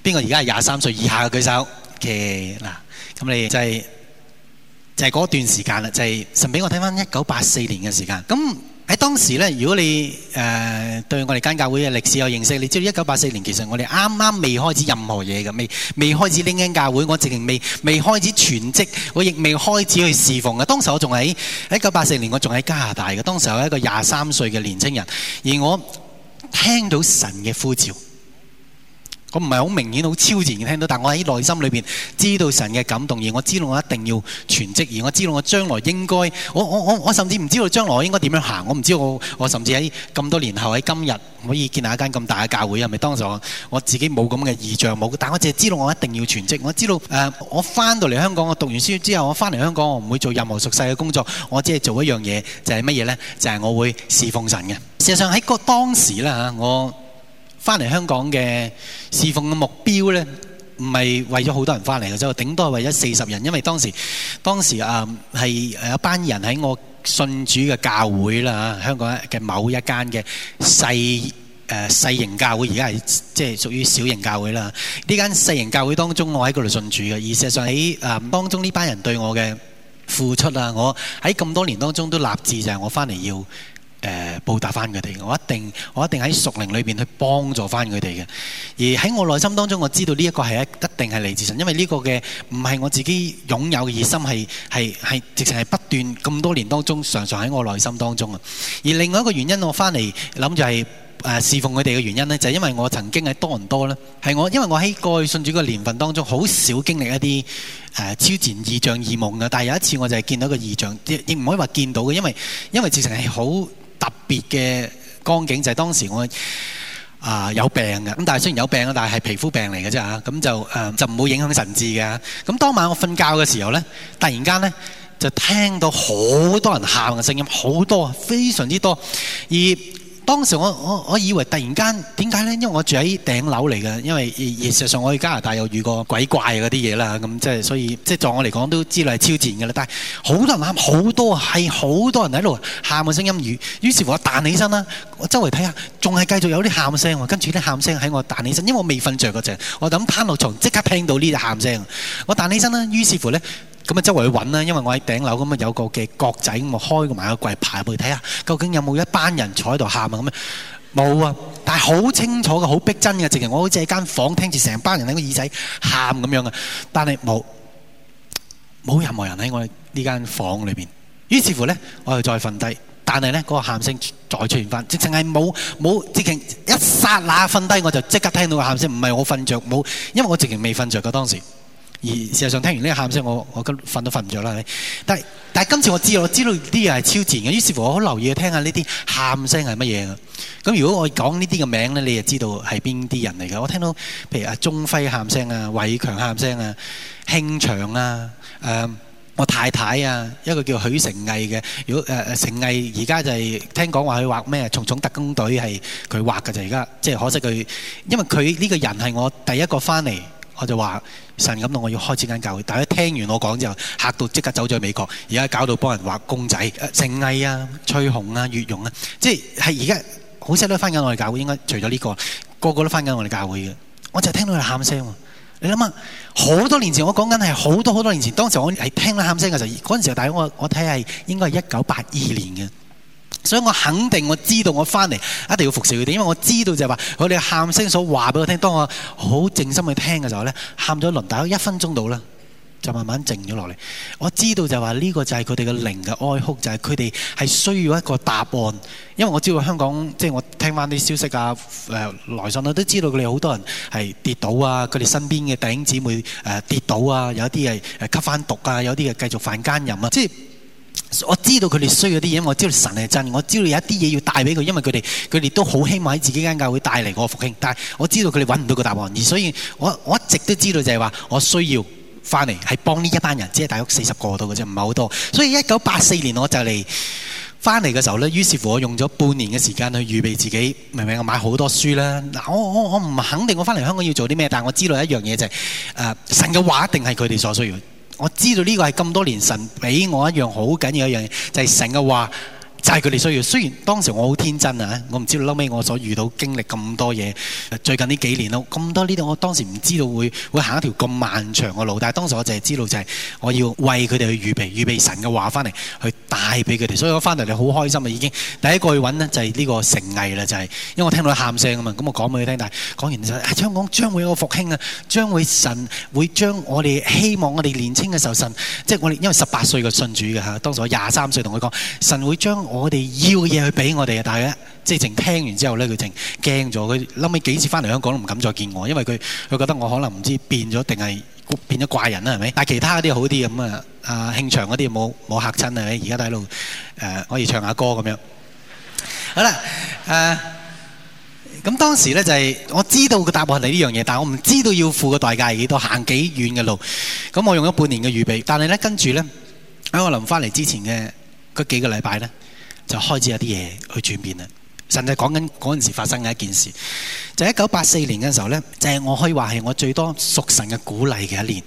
邊個而家係廿三歲以下嘅舉手。K 嗱，咁你就係。就係、是、嗰段時間啦，就係、是、神俾我睇翻一九八四年嘅時間。咁喺當時咧，如果你誒、呃、對我哋間教會嘅歷史有認識，你知道一九八四年其實我哋啱啱未開始任何嘢嘅，未未開始拎緊教會，我直情未未開始全職，我亦未開始去侍奉嘅。當時我仲喺一九八四年，我仲喺加拿大嘅。當時我係一個廿三歲嘅年青人，而我聽到神嘅呼召。我唔係好明顯，好超自然聽到，但我喺內心裏邊知道神嘅感動，而我知道我一定要全職，而我知道我將來應該，我我我，我甚至唔知道將來我應該點樣行，我唔知道我我甚至喺咁多年後喺今日可以見到一間咁大嘅教會，係咪當時我，我自己冇咁嘅異象冇？但我淨係知道我一定要全職，我知道誒、呃，我翻到嚟香港，我讀完書之後，我翻嚟香港，我唔會做任何俗世嘅工作，我只係做一樣嘢，就係乜嘢呢？就係、是、我會侍奉神嘅。事實上喺個當時咧吓我。翻嚟香港嘅侍奉嘅目標呢，唔係為咗好多人翻嚟嘅，即係頂多係為咗四十人，因為當時當時啊係、呃、有一班人喺我信主嘅教會啦，香港嘅某一間嘅細誒細型教會，而家係即係屬於小型教會啦。呢間細型教會當中，我喺嗰度信主嘅，而事實上喺啊、呃、當中呢班人對我嘅付出啊，我喺咁多年當中都立志就係我翻嚟要。誒報答翻佢哋，我一定我一定喺屬靈裏邊去幫助翻佢哋嘅。而喺我內心當中，我知道呢一個係一一定係嚟自神，因為呢個嘅唔係我自己擁有嘅熱心，係係係直情係不斷咁多年當中，常常喺我內心當中啊。而另外一個原因，我翻嚟諗住係誒侍奉佢哋嘅原因咧，就因為我曾經係多倫多咧，係我因為我喺過去信主嘅年份當中，好少經歷一啲誒超前異象異夢嘅。但係有一次，我就係見到個異象，亦亦唔可以話見到嘅，因為因為直情係好。特別嘅光景就係、是、當時我啊、呃、有病嘅，咁但係雖然有病啦，但係係皮膚病嚟嘅啫嚇，咁就誒、呃、就唔會影響神智嘅。咁當晚我瞓覺嘅時候咧，突然間咧就聽到好多人喊嘅聲音，好多，非常之多，而。當時我我我以為突然間點解咧？因為我住喺頂樓嚟嘅，因為而事實上我去加拿大有遇過鬼怪嗰啲嘢啦，咁即係所以即係、就是、在我嚟講都知係超自然嘅啦。但係好多人喊，好多係好多人喺度喊嘅聲音語，於於是乎我彈起身啦。我周圍睇下，仲係繼續有啲喊聲喎。跟住啲喊聲喺我彈起身，因為我未瞓着嗰陣，我諗攤落床即刻聽到呢啲喊聲。我彈起身啦，於是乎咧。咁啊，周圍去揾啦，因為我喺頂樓，咁啊有個嘅角仔，咁啊開個埋個櫃，爬入去睇下，究竟有冇一班人坐喺度喊啊？咁啊冇啊，但係好清楚嘅，好逼真嘅，直情我好似喺間房聽住成班人喺個耳仔喊咁樣嘅，但係冇冇任何人喺我呢間房裏邊。於是乎咧，我又再瞓低，但係咧嗰個喊聲再出現翻，直情係冇冇直情一剎那瞓低我就即刻聽到個喊聲，唔係我瞓著冇，因為我直情未瞓著嘅當時。而事實上，聽完呢個喊聲，我我今瞓都瞓唔着啦。但係但係今次我知道，我知道啲嘢係超前嘅。於是乎，我好留意聽下呢啲喊聲係乜嘢。咁如果我講呢啲嘅名咧，你就知道係邊啲人嚟嘅。我聽到譬如阿鐘輝喊聲啊，偉強喊聲啊，興祥啊，誒、呃、我太太啊，一個叫許成毅嘅。如果誒誒成毅而家就係聽講話佢畫咩《蟲蟲特工隊是他的》係佢畫嘅就而家，即係可惜佢，因為佢呢個人係我第一個翻嚟。我就話神感動我要開呢間教會。大家聽完我講之後，嚇到即刻走咗去美國。而家搞到幫人畫公仔、成、呃、藝啊、翠紅啊、月容啊，即係係而家好少都翻緊我哋教會。應該除咗呢、呢個，個個都翻緊我哋教會嘅。我就聽到佢喊聲，你諗下，好多年前我講緊係好多好多年前，當時我係聽到喊聲嘅時候，嗰陣時候大我我睇係應該係一九八二年嘅。所以，我肯定我知道我翻嚟一定要服侍佢哋，因為我知道就係話佢哋喊聲所話俾我聽。當我好靜心去聽嘅時候咧，喊咗一輪，大概一分鐘到啦，就慢慢靜咗落嚟。我知道就係話呢個就係佢哋嘅靈嘅哀哭，就係佢哋係需要一個答案。因為我知道香港，即係我聽翻啲消息啊、誒、呃、來信啦，都知道佢哋好多人係跌倒啊，佢哋身邊嘅弟兄姊妹誒跌倒啊，有啲係吸翻毒啊，有啲係繼續犯奸淫啊，即係我知道佢哋需要啲嘢，我知道神係真。我知道有一啲嘢要帶俾佢，因為佢哋佢哋都好希望喺自己間教會帶嚟我復興。但係我知道佢哋搵唔到個答案，而所以我我一直都知道就係話我需要翻嚟係幫呢一班人，只係大約四十個度嘅啫，唔係好多。所以一九八四年我就嚟翻嚟嘅時候咧，於是乎我用咗半年嘅時間去預備自己，明唔明？我買好多書啦。嗱，我我我唔肯定我翻嚟香港要做啲咩，但係我知道一樣嘢就係、是、誒神嘅話，一定係佢哋所需要。我知道呢個係咁多年神俾我一樣好緊要的一樣嘢，就係神嘅話。就係佢哋需要。雖然當時我好天真啊，我唔知道後尾我所遇到經歷咁多嘢。最近呢幾年咯，咁多呢度，我當時唔知道會會行一條咁漫長嘅路。但係當時我淨係知道，就係我要為佢哋去預備預備神嘅話翻嚟，去帶俾佢哋。所以我翻嚟就好開心啊，已經第一句去揾咧就係呢個誠毅啦，就係、是、因為我聽到佢喊聲啊嘛，咁我講俾佢聽。但係講完就係、啊、香港將會有個復興啊，將會神會將我哋希望我哋年青嘅時候神，即係我哋因為十八歲嘅信主嘅嚇，當時我廿三歲同佢講，神會將。我哋要嘅嘢去俾我哋啊！但係咧，即係淨聽完之後咧，佢淨驚咗。佢諗起幾次翻嚟香港都唔敢再見我，因為佢佢覺得我可能唔知變咗定係變咗怪人啦，係咪？但係其他嗰啲好啲咁啊！啊，慶場嗰啲冇冇嚇親啊！而家都喺度誒，可以唱下歌咁樣。好啦，誒，咁當時咧就係我知道個答案係呢樣嘢，但我唔知道要付嘅代價係幾多，行幾遠嘅路。咁我用咗半年嘅預備，但係咧跟住咧喺我臨翻嚟之前嘅嗰幾個禮拜咧。就開始有啲嘢去轉變啦。甚至係講緊嗰陣時發生嘅一件事，就一九八四年嗰陣時候呢，就係、是、我可以話係我最多屬神嘅鼓勵嘅一年。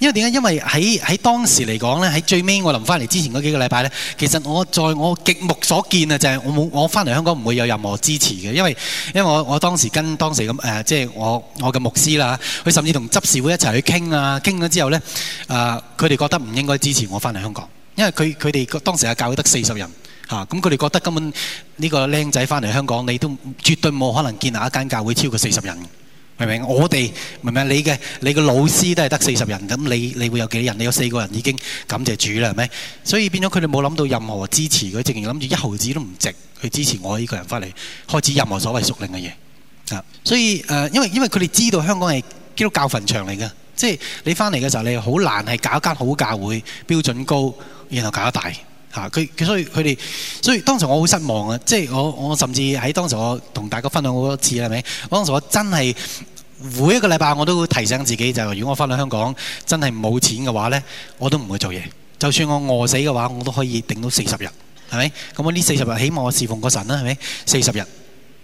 因為點解？因為喺喺當時嚟講呢，喺最尾我臨翻嚟之前嗰幾個禮拜呢，其實我在我極目所見啊，就係、是、我冇我翻嚟香港唔會有任何支持嘅，因為因為我我當時跟當時咁誒，即、呃、係、就是、我我嘅牧師啦，佢甚至同執事會一齊去傾啊，傾咗之後呢，啊佢哋覺得唔應該支持我翻嚟香港，因為佢佢哋當時嘅教會得四十人。嚇！咁佢哋覺得根本呢個僆仔翻嚟香港，你都絕對冇可能建立一間教會超過四十人，明唔明？我哋明唔明？你嘅你嘅老師都係得四十人，咁你你會有幾人？你有四個人已經感謝主啦，係咪？所以變咗佢哋冇諗到任何支持佢，直情諗住一毫子都唔值去支持我呢個人翻嚟開始任何所謂屬靈嘅嘢。啊！所以、呃、因為因為佢哋知道香港係基督教墳場嚟嘅，即係你翻嚟嘅時候，你好難係搞一間好教會，標準高，然後搞大。佢，所以佢哋，所以當時我好失望啊！即係我，我甚至喺當時我同大家分享好多次啦，係咪？我當時我真係每一個禮拜我都會提醒自己，就係如果我翻到香港真係冇錢嘅話呢，我都唔會做嘢。就算我餓死嘅話，我都可以頂到四十日，係咪？咁我呢四十日，起碼我侍奉個神啦，係咪？四十日，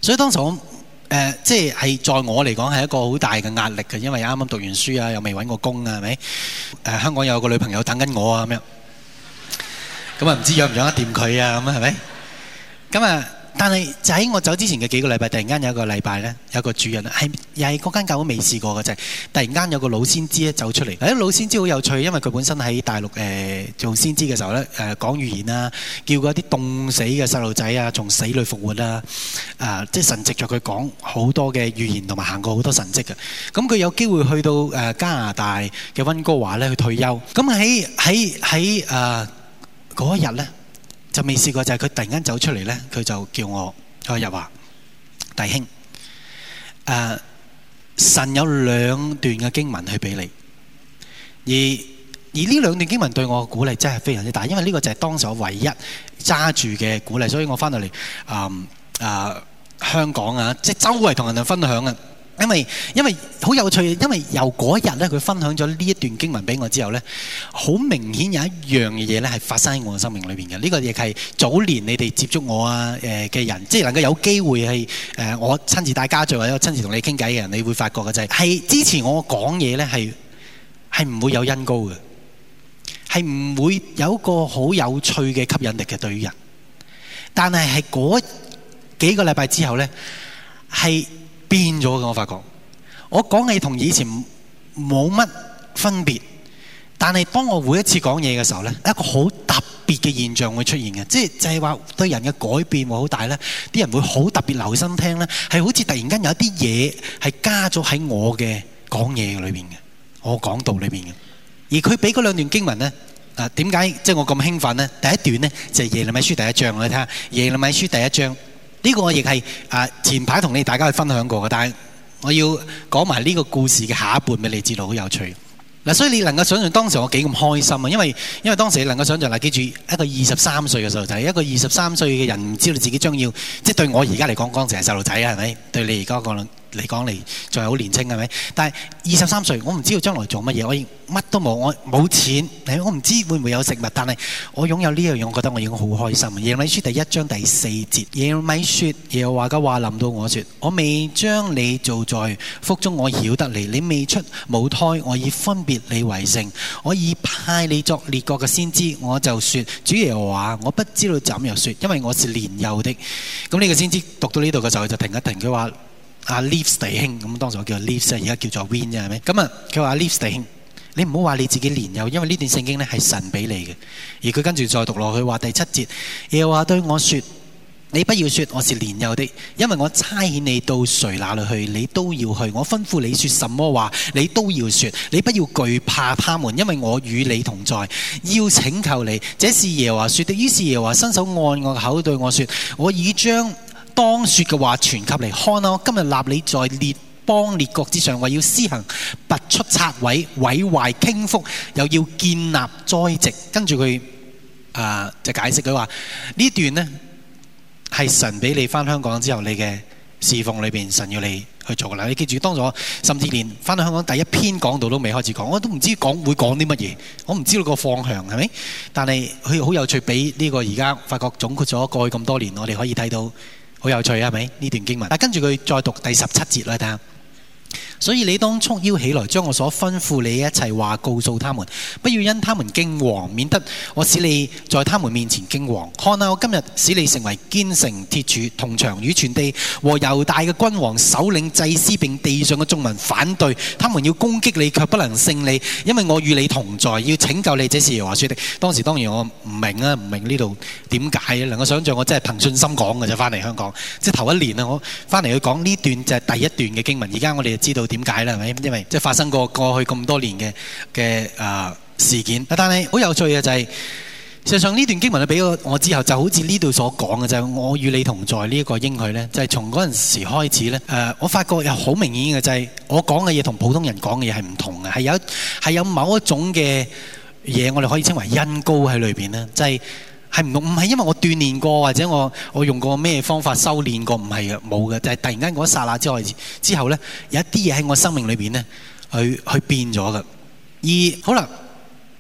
所以當時我誒即係喺在我嚟講係一個好大嘅壓力嘅，因為啱啱讀完書啊，又未揾過工啊，係咪？誒香港有個女朋友等緊我啊，咁樣。咁啊，唔知養唔養得掂佢啊咁係咪？咁啊，但係就喺我走之前嘅幾個禮拜，突然間有一個禮拜咧，有個個主人啊，係又係嗰間教會未試過嘅啫。突然間有個老先知咧走出嚟，老先知好有趣，因為佢本身喺大陸誒、呃、做先知嘅時候咧誒、呃、講預言呀，叫嗰啲凍死嘅細路仔啊從死裡復活啦，啊即係神藉着佢講好多嘅預言同埋行過好多神蹟嘅。咁佢有機會去到、呃、加拿大嘅溫哥華咧去退休。咁喺喺喺誒。嗰一日呢就未試過，就係佢突然間走出嚟呢，佢就叫我佢又話：弟兄，誒神有兩段嘅經文去俾你，而而呢兩段經文對我嘅鼓勵真係非常之大，因為呢個就係當時候唯一揸住嘅鼓勵，所以我返到嚟誒誒香港啊，即係周圍同人哋分享啊。因為因為好有趣，因為由嗰日咧，佢分享咗呢一段經文俾我之後咧，好明顯有一樣嘢咧係發生喺我嘅生命裏面嘅。呢、這個亦係早年你哋接觸我啊嘅、呃、人，即係能夠有機會係、呃、我親自帶家聚或者我親自同你傾偈嘅人，你會發覺嘅就係係之前我講嘢咧係係唔會有恩膏嘅，係唔會有個個好有趣嘅吸引力嘅對於人。但係係嗰幾個禮拜之後咧係。變咗嘅，我發覺，我講嘢同以前冇乜分別，但係當我每一次講嘢嘅時候咧，一個好特別嘅現象會出現嘅，即係就係話對人嘅改變會好大咧，啲人會好特別留心聽咧，係好似突然間有一啲嘢係加咗喺我嘅講嘢裏邊嘅，我講道裏邊嘅，而佢俾嗰兩段經文咧，啊點解即係我咁興奮咧？第一段咧就係耶利米書第一章，我哋睇下耶利米書第一章。呢個我亦係前排同你大家去分享過嘅，但係我要講埋呢個故事嘅下一半俾你知道，好有趣。所以你能夠想象當時我幾咁開心啊，因為因為當時你能夠想象記住一個二十三歲嘅細路仔，一個二十三歲嘅人，唔知道自己將要即對我而家嚟講，剛正係細路仔嘅係咪？對你而家講。你講嚟仲係好年輕，係咪？但係二十三歲，我唔知道將來做乜嘢，我乜都冇，我冇錢。我唔知會唔會有食物，但係我擁有呢樣嘢，我覺得我已經好開心。耶利米書第一章第四節，耶利米書，耶和華嘅話諗到我説：我未將你做在腹中，我曉得你；你未出母胎，我已分別你為聖，我已派你作列國嘅先知。我就説主耶和華，我不知道怎樣説，因為我是年幼的。咁呢個先知讀到呢度嘅時候就停一停，佢話。阿 Leaves 弟兄，咁當時我叫 Leaves，而家叫做 Win 啫，係咪？咁啊，佢話 Leaves 弟兄，你唔好話你自己年幼，因為呢段聖經咧係神俾你嘅。而佢跟住再讀落去，話第七節，耶和華對我說：你不要說我是年幼的，因為我差遣你到誰那裏去，你都要去。我吩咐你說什麼話，你都要說。你不要懼怕他們，因為我與你同在。要請求你，這是耶和華説的。於是耶和華伸手按我口對我說：我已將。當說嘅話傳給你看咯，今日立你在列邦列國之上，話要施行拔出拆毀毀壞傾覆，又要建立栽植。跟住佢啊就解釋佢話呢段呢係神俾你翻香港之後，你嘅侍奉裏邊，神要你去做噶啦。你記住，當咗甚至連翻到香港第一篇講道都未開始講，我都唔知講會講啲乜嘢，我唔知道個方向係咪？但係佢好有趣，俾呢個而家發覺總括咗過去咁多年，我哋可以睇到。好有趣係咪呢段經文？但跟住佢再讀第十七節啦，睇下。所以你當束腰起來，將我所吩咐你一切話告訴他們，不要因他們驚惶，免得我使你在他們面前驚惶。看啊，我今日使你成為堅城鐵柱，銅牆與全地和猶大嘅君王、首領、祭司並地上嘅眾民反對他們，要攻擊你，卻不能勝你，因為我與你同在，要拯救你。這是耶和華説的。當時當然我唔明啊，唔明呢度點解啊？能夠想象我真係憑信心講嘅，就翻嚟香港即係頭一年啊，我翻嚟去講呢段就係第一段嘅經文。而家我哋就知道。點解咧？係咪因為即係發生過過去咁多年嘅嘅誒事件？但係好有趣嘅就係，事實上呢段經文你，俾我我之後就好似呢度所講嘅就係我與你同在呢一個應許咧，就係從嗰陣時開始咧。誒，我發覺又好明顯嘅就係我講嘅嘢同普通人講嘅嘢係唔同嘅，係有係有某一種嘅嘢，我哋可以稱為恩膏喺裏邊咧，即係。係唔同，唔係因為我鍛鍊過或者我我用過咩方法修練過，唔係嘅，冇嘅，就係、是、突然間嗰一剎那之內之後咧，有一啲嘢喺我生命裏邊呢，去去變咗嘅。而好啦，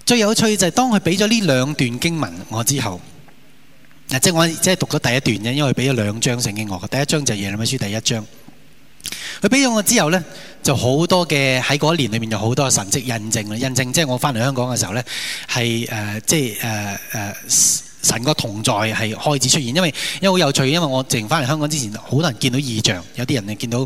最有趣就係當佢俾咗呢兩段經文我之後，即係我即係讀咗第一段啫，因為佢俾咗兩章聖經我，嘅。第一章就係耶利米書第一章。佢俾咗我之後呢，就好多嘅喺嗰一年裏面有好多嘅神跡印證啦，印證即係我翻嚟香港嘅時候呢，係誒、呃、即係誒誒。呃呃神個同在係開始出現，因為因為好有趣，因為我直程翻嚟香港之前，好多人見到異象，有啲人誒見到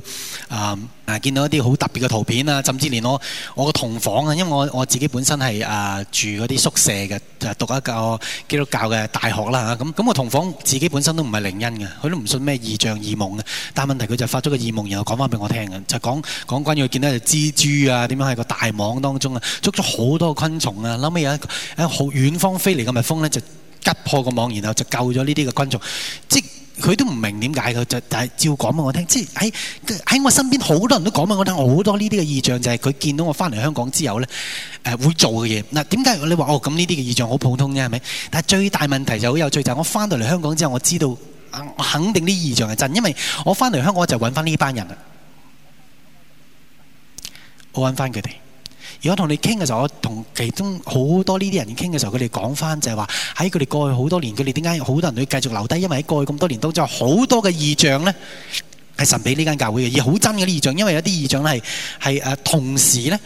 啊啊、呃、見到一啲好特別嘅圖片啊，甚至連我我個同房啊，因為我我自己本身係啊、呃、住嗰啲宿舍嘅，就讀一個基督教嘅大學啦，咁咁我同房自己本身都唔係靈恩嘅，佢都唔信咩異象異夢嘅，但問題佢就發咗個異夢，然後講翻俾我聽嘅，就講講關於佢見到隻蜘蛛啊，點樣喺個大網當中啊，捉咗好多昆蟲啊，後屘有一一好遠方飛嚟嘅蜜蜂咧就。吉刺破個網，然後就救咗呢啲嘅羣眾。即佢都唔明點解佢就，但係照講俾我聽。即係喺喺我身邊好多人都講俾我聽，我好多呢啲嘅異象就係、是、佢見到我翻嚟香港之後咧，誒、呃、會做嘅嘢。嗱點解你話哦咁呢啲嘅異象好普通啫？係咪？但係最大問題就好有趣就係、是、我翻到嚟香港之後，我知道我肯定啲異象係真的，因為我翻嚟香港我就揾翻呢班人啦。我揾翻佢哋。如果同你傾嘅時候，我同其中好多呢啲人傾嘅時候，佢哋講翻就係話，喺佢哋過去好多年，佢哋點解好多人會繼續留低？因為喺過去咁多年當中有好多嘅異象咧，係神俾呢間教會嘅，而好真嘅啲異象，因為有啲異象咧係係誒同時咧，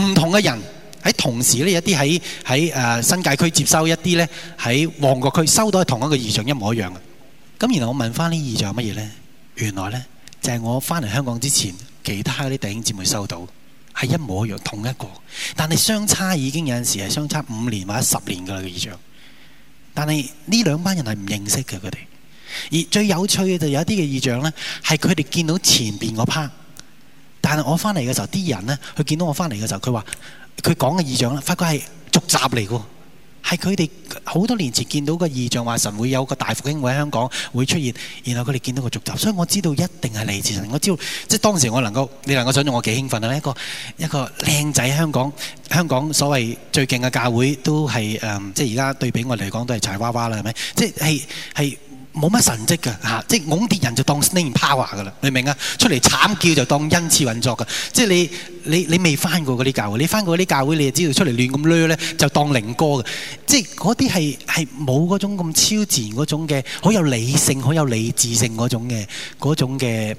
唔同嘅人喺同時咧，有啲喺喺誒新界區接收一啲咧，喺旺角區收到同一個異象一模一樣嘅。咁然後我問翻呢異象係乜嘢咧？原來咧就係、是、我翻嚟香港之前，其他啲弟兄姊妹收到。係一模一樣，同一個，但係相差已經有陣時係相差五年或者十年噶啦，意象。但係呢兩班人係唔認識嘅佢哋，而最有趣嘅就有啲嘅意象咧，係佢哋見到前邊嗰 part，但係我翻嚟嘅時候，啲人咧佢見到我翻嚟嘅時候，佢話佢講嘅意象咧，發覺係續集嚟嘅。係佢哋好多年前見到個異象，話神會有個大復興會喺香港會出現，然後佢哋見到個續集，所以我知道一定係嚟自神。我知道即係當時我能夠，你能夠想象我幾興奮啊！一個一個靚仔，香港香港所謂最勁嘅教會都係誒、嗯，即係而家對比我嚟講都係柴娃娃啦，係咪？即係係。冇乜神蹟噶，嚇、啊！即係㧬啲人就當 sting power 噶啦，你明啊？出嚟慘叫就當恩賜運作噶，即係你你你未翻過嗰啲教會，你翻過啲教會，你就知道出嚟亂咁 lue 咧，就當靈歌噶，即係嗰啲係係冇嗰種咁超自然嗰種嘅，好有理性、好有理智性嗰種嘅嗰種嘅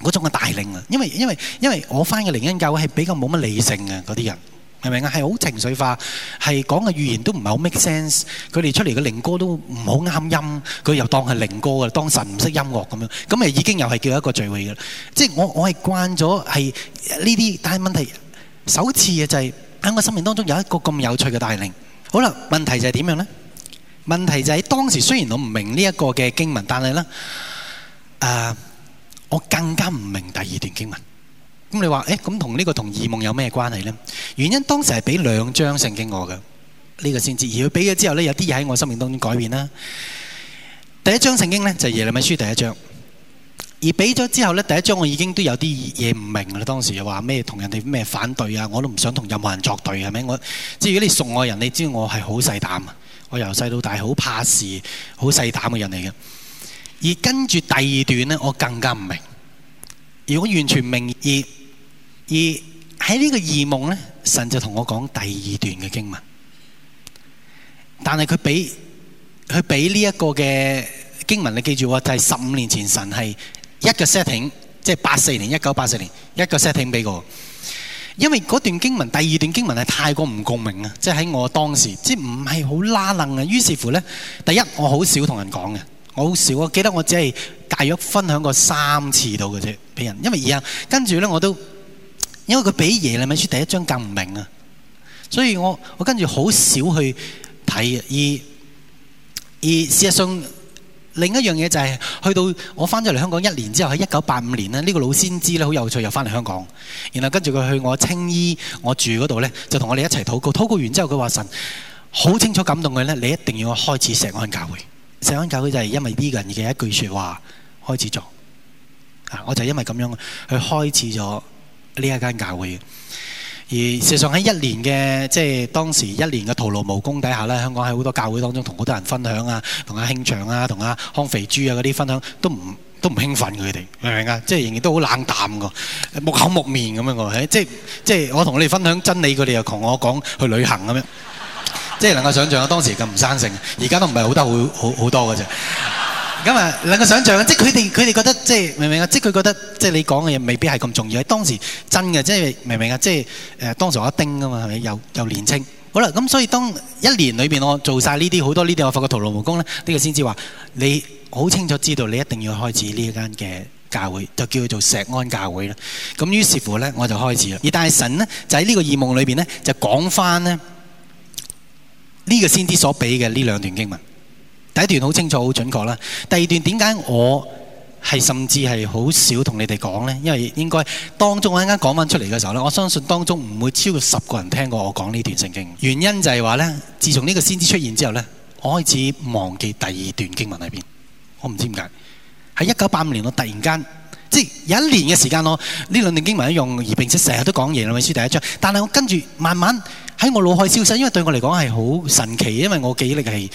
嗰種嘅帶領啊！因為因為因為我翻嘅靈恩教會係比較冇乜理性啊嗰啲人。明唔明啊？係好情緒化，係講嘅語言都唔係好 make sense。佢哋出嚟嘅靈歌都唔好啱音，佢又當係靈歌噶啦，當神唔識音樂咁樣。咁啊已經又係叫一個聚會噶啦。即係我我係慣咗係呢啲，但係問題首次嘅就係喺我生命當中有一個咁有趣嘅帶領。好啦，問題就係點樣咧？問題就係當時雖然我唔明呢一個嘅經文，但係咧，誒，我更加唔明第二段經文。咁你話誒咁同呢個同異夢有咩關係呢？原因當時係俾兩張聖經我嘅，呢、這個先至，而佢俾咗之後呢，有啲嘢喺我生命當中改變啦。第一張聖經呢，就係、耶利米書第一章，而俾咗之後呢，第一章我已經都有啲嘢唔明啦。當時又話咩同人哋咩反對啊？我都唔想同任何人作對，係咪？我即係如果你熟我人，你知我係好細膽啊！我由細到大好怕事，好細膽嘅人嚟嘅。而跟住第二段呢，我更加唔明。如果完全明而喺呢個異夢咧，神就同我講第二段嘅經文，但係佢俾佢俾呢一個嘅經文，你記住就係十五年前神係一個 setting，即係八四年一九八四年一個 setting 俾我，因為嗰段經文第二段經文係太過唔共鳴啊，即係喺我當時即係唔係好拉楞啊，於是乎咧，第一我好少同人講嘅，我好少，少，我記得我只係大約分享過三次到嘅啫，俾人，因為而家跟住咧我都。因為佢比耶利米書第一章更唔明啊，所以我我跟住好少去睇，而而事實上另一樣嘢就係、是、去到我翻咗嚟香港一年之後，喺一九八五年呢，呢、呢個老先知咧好有趣又翻嚟香港，然後跟住佢去我青衣我住嗰度咧，就同我哋一齊禱告，禱告完之後佢話神好清楚感動佢咧，你一定要開始石安教會，石安教會就係因為呢個人嘅一句說話開始咗。」啊，我就係因為咁樣去開始咗。呢一間教會嘅，而事實上喺一年嘅即係當時一年嘅徒勞無功底下咧，香港喺好多教會當中同好多人分享啊，同阿興長啊，同阿康肥豬啊嗰啲分享都唔都唔興奮，佢哋明唔明啊？即係仍然都好冷淡個木口木面咁樣個，即係即係我同你哋分享真理，佢哋又同我講去旅行咁樣，即係能夠想像當時咁唔生性，而家都唔係好得好好好多嘅啫。咁啊，能夠想象，即係佢哋佢哋覺得即係明唔明啊？即係佢覺得即係你講嘅嘢未必係咁重要。當時真嘅，即係明唔明啊？即係誒、呃，當時我一丁噶嘛，係咪？又又年青。好啦，咁所以當一年裏邊我做晒呢啲，好多呢啲我發覺徒勞無功咧，呢、這個先知話你好清楚知道你一定要開始呢間嘅教會，就叫做石安教會啦。咁於是乎咧，我就開始啦。而大神咧就喺呢個異夢裏邊咧就講翻呢，個呢，呢、這個先知所俾嘅呢兩段經文。第一段好清楚、好準確啦。第二段點解我係甚至係好少同你哋講呢？因為應該當中我一間講翻出嚟嘅時候呢，我相信當中唔會超過十個人聽過我講呢段聖經。原因就係話呢，自從呢個先知出現之後呢，我開始忘記第二段經文喺邊。我唔知點解喺一九八五年我突然間。即係有一年嘅時間咯，呢兩段經文一樣，而並且成日都講嘢，耶利米書第一章。但係我跟住慢慢喺我腦海消失，因為對我嚟講係好神奇，因為我記憶力係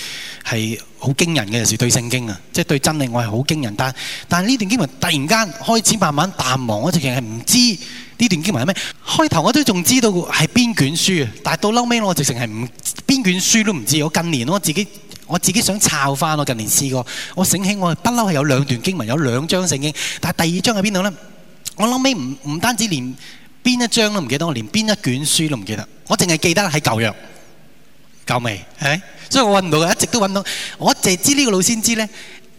係好驚人嘅，就是對聖經啊，即係對真理我係好驚人。但係但係呢段經文突然間開始慢慢淡忘，我直情係唔知呢段經文係咩。開頭我都仲知道係邊卷書，但係到後尾我直情係唔邊卷書都唔知道。我近年我自己。我自己想抄翻我近年試過，我醒起我不嬲係有兩段經文，有兩章聖經，但係第二章喺邊度咧？我諗尾唔唔單止連邊一章都唔記得，我連邊一卷書都唔記得，我淨係記得喺舊約舊未？所以我揾唔到，一直都揾到，我淨係知，個知呢個老先知咧。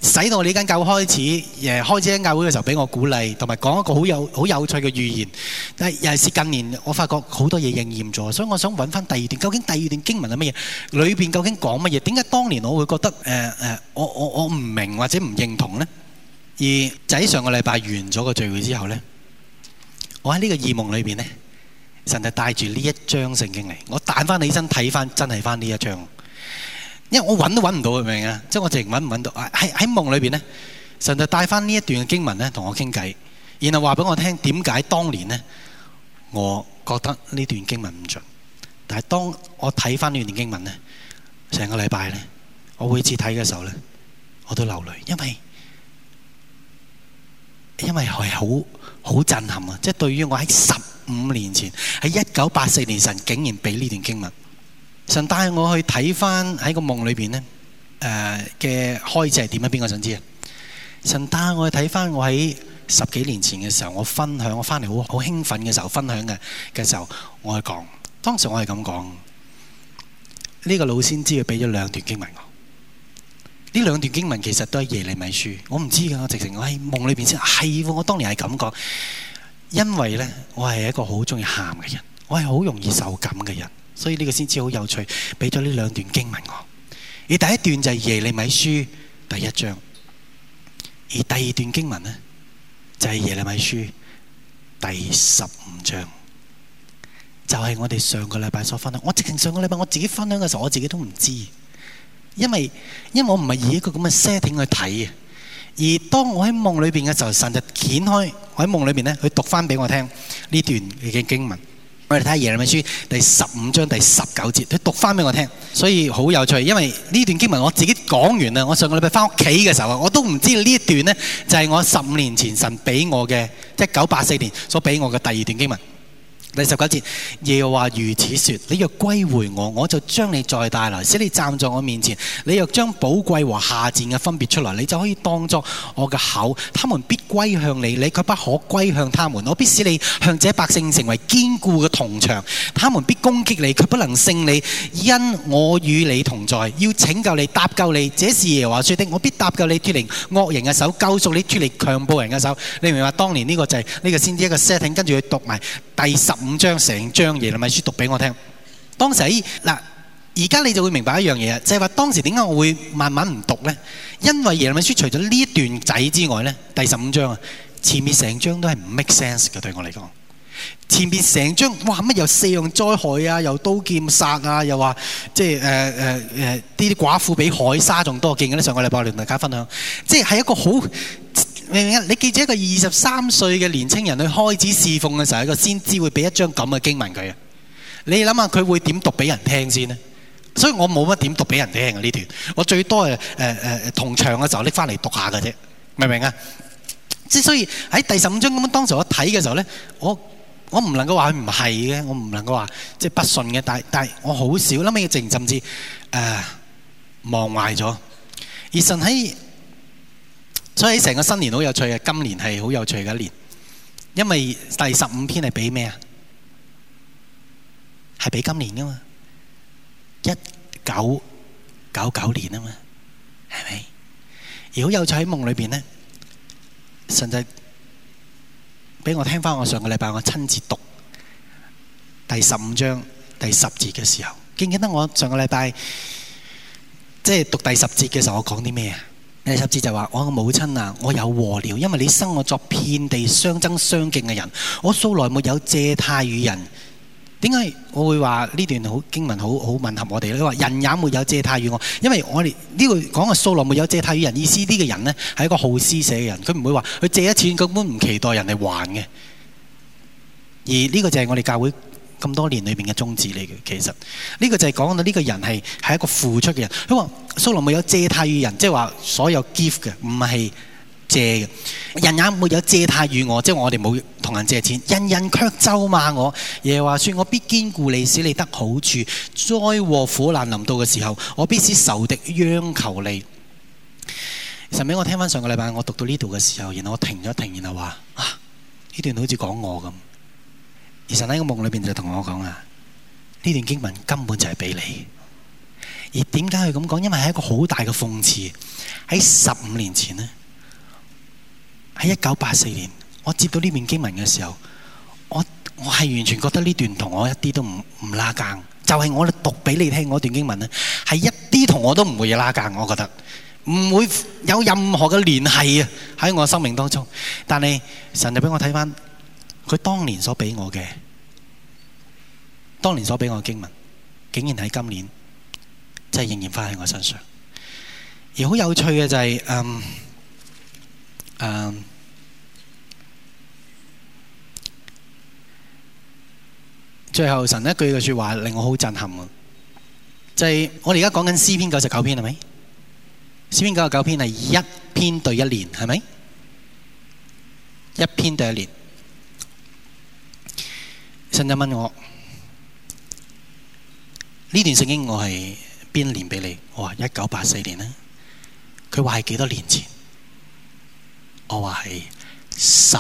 使到我呢間教會開始，誒，開始呢間教會嘅時候俾我鼓勵，同埋講一個好有好有趣嘅預言。但係尤其是近年，我發覺好多嘢應驗咗，所以我想揾翻第二段。究竟第二段經文係乜嘢？裏邊究竟講乜嘢？點解當年我會覺得，誒、呃、誒，我我我唔明，或者唔認同呢？而就喺上個禮拜完咗個聚會之後呢，我喺呢個異夢裏邊呢，神就帶住呢一張聖經嚟，我彈翻起身睇翻，看真係翻呢一張。因為我揾都揾唔到，明唔明啊？即係我直情揾唔到。喺夢裏面咧，神就帶翻呢一段經文咧，同我傾偈，然後話俾我聽點解當年我覺得呢段經文不準，但是當我睇翻呢段經文，整個禮拜，我每次睇嘅時候我都流淚，因為因為係好好震撼，即係，對於我喺十五年前喺一九八四年，神竟然俾呢段經文。神帶我去睇翻喺個夢裏邊呢，誒嘅開始係點啊？邊個想知啊？神帶我去睇翻我喺十幾年前嘅時候，我分享我翻嚟，好好興奮嘅時候分享嘅嘅時候，我去講，當時我係咁講。呢、這個老先知佢俾咗兩段經文我，呢兩段經文其實都係耶利米書，我唔知噶，我直情我喺夢裏邊先係，我當年係咁講，因為咧我係一個好中意喊嘅人，我係好容易受感嘅人。所以呢個先知好有趣，畀咗呢兩段經文我。而第一段就是耶利米書第一章，而第二段經文呢，就是耶利米書第十五章，就是我哋上個禮拜所分享。我直情上個禮拜我自己分享嘅時候，我自己都唔知道，因為因為我唔係以一個咁嘅 setting 去睇。而當我喺夢裏邊嘅時候，神就掀開我喺夢裏邊呢，去讀返畀我聽呢段嘅經文。我哋睇《耶利米書》第十五章第十九節，你讀返俾我聽。所以好有趣，因為呢段經文我自己講完啦。我上個禮拜返屋企嘅時候，我都唔知呢一段呢就係我十五年前神俾我嘅，一九八四年所俾我嘅第二段經文。第十九節，耶和華如此說：你若歸回我，我就將你再帶來，使你站在我面前。你若將寶貴和下賤嘅分別出來，你就可以當作我嘅口。他們必歸向你，你却不可歸向他們。我必使你向這百姓成為堅固嘅銅牆。他們必攻擊你，却不能勝你，因我與你同在，要拯救你、搭救你。這是耶和華說的，我必搭救你脱離惡人嘅手，救贖你脱離強暴人嘅手。你明唔明白？當年呢個就係呢個先至一個 setting，跟住去讀埋第十。五章成章《耶利米書》讀俾我聽，當時嗱，而家你就會明白一樣嘢，就係、是、話當時點解我會慢慢唔讀咧？因為《耶利米書》除咗呢一段仔之外咧，第十五章啊，前面成章都係唔 make sense 嘅，對我嚟講，前面成章哇，乜有四樣災害啊，又刀劍殺啊，又話即係誒誒誒，啲、呃呃、寡婦比海沙仲多見嘅咧。上個禮拜我嚟同大家分享，即係喺一個好。明唔明啊？你記住一個二十三歲嘅年青人，去開始侍奉嘅時候，一個先知會俾一張咁嘅經文佢啊？你諗下佢會點讀俾人聽先呢？所以我冇乜點讀俾人聽啊呢段，我最多誒誒誒同場嘅時候拎翻嚟讀一下嘅啫，明唔明啊？之所以喺第十五章咁樣，當時我睇嘅時候咧，我我唔能夠話佢唔係嘅，我唔能夠話即係不信嘅，但係但係我好少，諗起淨甚至誒、呃、忘壞咗，而神喺。所以成個新年好有趣，今年係好有趣嘅一年，因為第十五篇係畀咩呀？係畀今年㗎嘛，一九九九年吖嘛，係咪？而好有趣喺夢裏面呢，甚至畀我聽翻我上個禮拜我親自讀第十五章第十節嘅時候，記唔記得我上個禮拜即係讀第十節嘅時候，我講啲咩呀？第十節就話：我的母親啊，我有禍了，因為你生我作遍地相爭相競嘅人，我素來沒有借貸與人。點解我會話呢段好經文好好吻合我哋咧？話人也沒有借貸與我，因為我哋呢句講嘅素來沒有借貸與人，意思呢個人呢係一個好施捨嘅人，佢唔會話佢借一錢根本唔期待人嚟還嘅。而呢個就係我哋教會。咁多年裏邊嘅宗旨嚟嘅，其實呢個就係講到呢個人係係一個付出嘅人。佢話：蘇羅沒有借貸與人，即係話所有 give 嘅，唔係借嘅。人也沒有借貸與我，即係我哋冇同人借錢。人人卻咒罵我，耶和華說算我必堅固你，使你得好處。災禍苦難臨到嘅時候，我必使仇敵央求你。神俾我聽翻，上個禮拜，我讀到呢度嘅時候，然後我停咗停，然後話：啊，呢段好似講我咁。而神喺個夢裏邊就同我講啊，呢段經文根本就係俾你。而點解佢咁講？因為係一個好大嘅諷刺。喺十五年前呢，喺一九八四年，我接到呢段經文嘅時候，我我係完全覺得呢段同我一啲都唔唔拉更，就係我哋讀俾你聽嗰段經文呢係一啲同我都唔會拉更，我覺得唔會有任何嘅聯繫啊！喺我生命當中，但係神就俾我睇翻。佢當年所俾我嘅，當年所俾我嘅經文，竟然喺今年，即係仍然返喺我身上。而好有趣嘅就係、是，嗯，嗯，最後神一句嘅說話令我好震撼啊！就係、是、我哋而家講緊詩篇九十九篇係咪？詩篇九十九篇係一篇對一年，係咪？一篇對一年。神就問我：呢段聖經我係邊年俾你？我話一九八四年啦。佢話係幾多年前？我話係十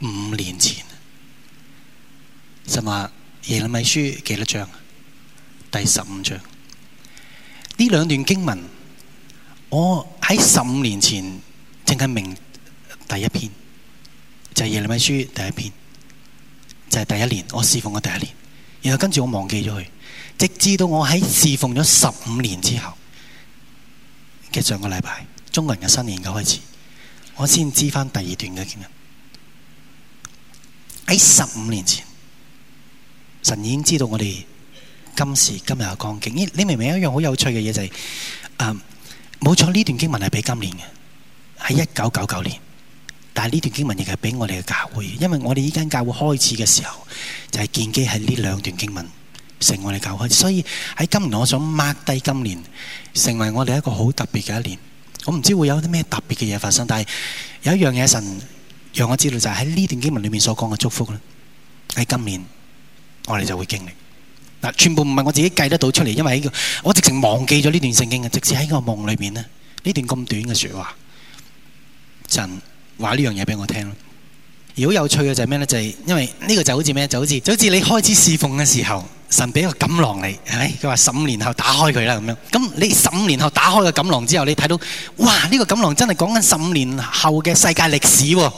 五年前。神話耶利米書幾多章？第十五章。呢兩段經文，我喺十五年前聽緊明第一篇，就係耶利米書第一篇。就係、是、第一年，我侍奉我第一年，然後跟住我忘記咗佢，直至到我喺侍奉咗十五年之後嘅上個禮拜，中國人嘅新年嘅開始，我先知翻第二段嘅經文。喺十五年前，神已經知道我哋今時今日嘅光景。咦，你明明一樣好有趣嘅嘢就係、是，嗯，冇錯呢段經文係俾今年嘅，喺一九九九年。但係呢段經文亦係俾我哋嘅教會，因為我哋依間教會開始嘅時候就係建基喺呢兩段經文，成為我哋教會開始。所以喺今年，我想 mark 低今年，成為我哋一個好特別嘅一年。我唔知會有啲咩特別嘅嘢發生，但係有一樣嘢神讓我知道就係喺呢段經文裏面所講嘅祝福咧。喺今年我哋就會經歷嗱，全部唔係我自己計得到出嚟，因為我直情忘記咗呢段聖經啊，直至喺個夢裏面咧，呢段咁短嘅說話神。話呢樣嘢俾我聽咯。如果有趣嘅就係咩呢？就係因為呢個就好似咩？就好似就好似你開始侍奉嘅時候，神俾個錦囊你，係咪？佢話十五年後打開佢啦，咁樣。咁你十五年後打開個錦囊之後，你睇到哇！呢個錦囊真係講緊十五年後嘅世界歷史。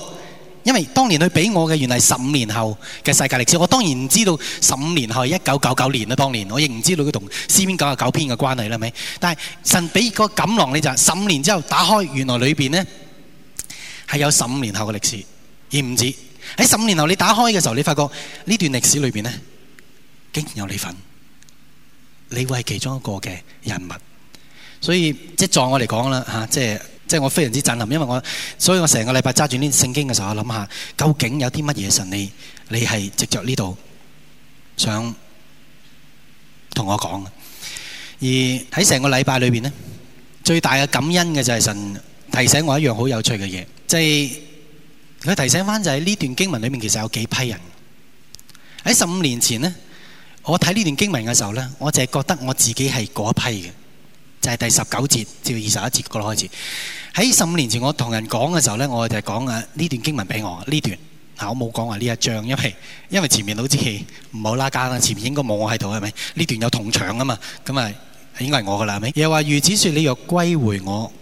因為當年佢俾我嘅原嚟係十五年後嘅世界歷史，我當然唔知道十五年後係一九九九年啦。當年我亦唔知道佢同詩篇九啊九篇嘅關係啦，係咪？但係神俾個錦囊你就十五年之後打開，原來裏邊呢。係有十五年後嘅歷史，而唔止喺十五年後你打開嘅時候，你發覺呢段歷史裏面呢，竟然有你份，你會係其中一個嘅人物。所以即在我嚟講啦吓，即係我，、啊、我非常之震撼，因為我所以我成個禮拜揸住呢聖經嘅時候，我諗下究竟有啲乜嘢神你你係藉着呢度想同我講。而喺成個禮拜裏面呢，最大嘅感恩嘅就係神提醒我一樣好有趣嘅嘢。就係、是、佢提醒返就係呢段經文裏面，其實有幾批人喺十五年前呢，我睇呢段經文嘅時候呢，我就係覺得我自己係嗰一批嘅，就係、是、第十九節至二十一節嗰度開始。喺十五年前，我同人講嘅時候呢，我就係講啊呢段經文俾我呢段。我冇講話呢一章，因為因為前面老都知唔好拉架啦。前面應該冇我喺度，係咪？呢段有同場㗎嘛，咁啊，係應該係我㗎啦，係咪？又話如此説，你又歸回我。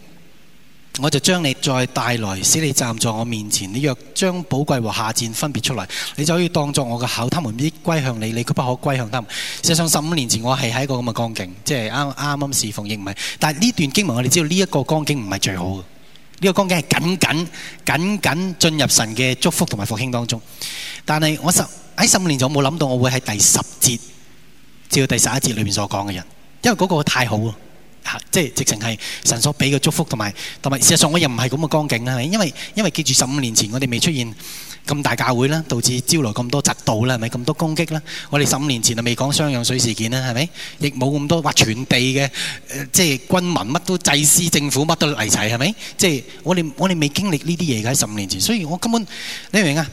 我就將你再帶來，使你站在我面前。你若將寶貴和下賤分別出嚟，你就可以當作我嘅口。他們必歸向你，你卻不可歸向他們。實際上十五年前我係喺一個咁嘅光景，即係啱啱啱侍奉，亦唔係。但係呢段經文我哋知道呢一個光景唔係最好嘅，呢、這個光景係緊緊緊緊進入神嘅祝福同埋復興當中。但係我十喺十五年前我冇諗到，我會喺第十節至到第十一節裏面所講嘅人，因為嗰個太好啊！嚇！即係直情係神所俾嘅祝福，同埋同埋，事實上我又唔係咁嘅光景啦係咪？因為因為記住十五年前我哋未出現咁大教會啦，導致招來咁多窒道啦，係咪咁多攻擊啦？我哋十五年前就未講雙氧水事件啦，係咪？亦冇咁多話全地嘅即係軍民乜都祭司政府乜都嚟齊係咪？即係我哋我哋未經歷呢啲嘢嘅喺十五年前，所以我根本你明唔明啊？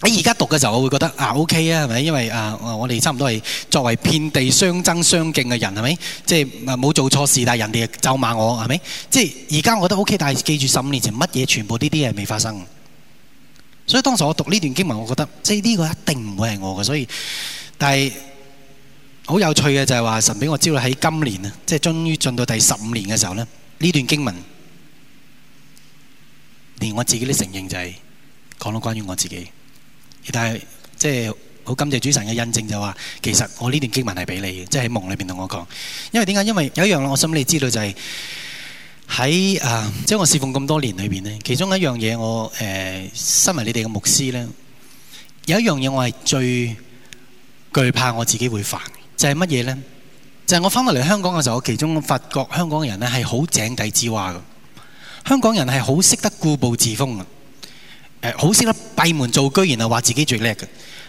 喺而家讀嘅時候，我會覺得啊 OK 啊，係咪？因為啊，我哋差唔多係作為遍地相爭相競嘅人，係咪？即係冇做錯事，但係人哋就罵我，係咪？即係而家我覺得 OK，但係記住十五年前乜嘢全部呢啲嘢係未發生。所以當時我讀呢段經文，我覺得即係呢個一定唔會係我嘅。所以，但係好有趣嘅就係話，神俾我知道喺今年啊，即係終於進到第十五年嘅時候咧，呢段經文連我自己都承認就係講到關於我自己。但係即係好感謝主神嘅印證就話，其實我呢段經文係俾你嘅，即係喺夢裏邊同我講。因為點解？因為有一樣我心裏知道就係喺啊，即係、呃就是、我侍奉咁多年裏邊咧，其中一樣嘢我誒、呃、身為你哋嘅牧師咧，有一樣嘢我係最懼怕我自己會犯，就係乜嘢咧？就係、是、我翻到嚟香港嘅時候，我其中發覺香港人咧係好井底之蛙嘅，香港人係好識得固步自封嘅。誒，好識得閉門做居，居然話自己最叻嘅。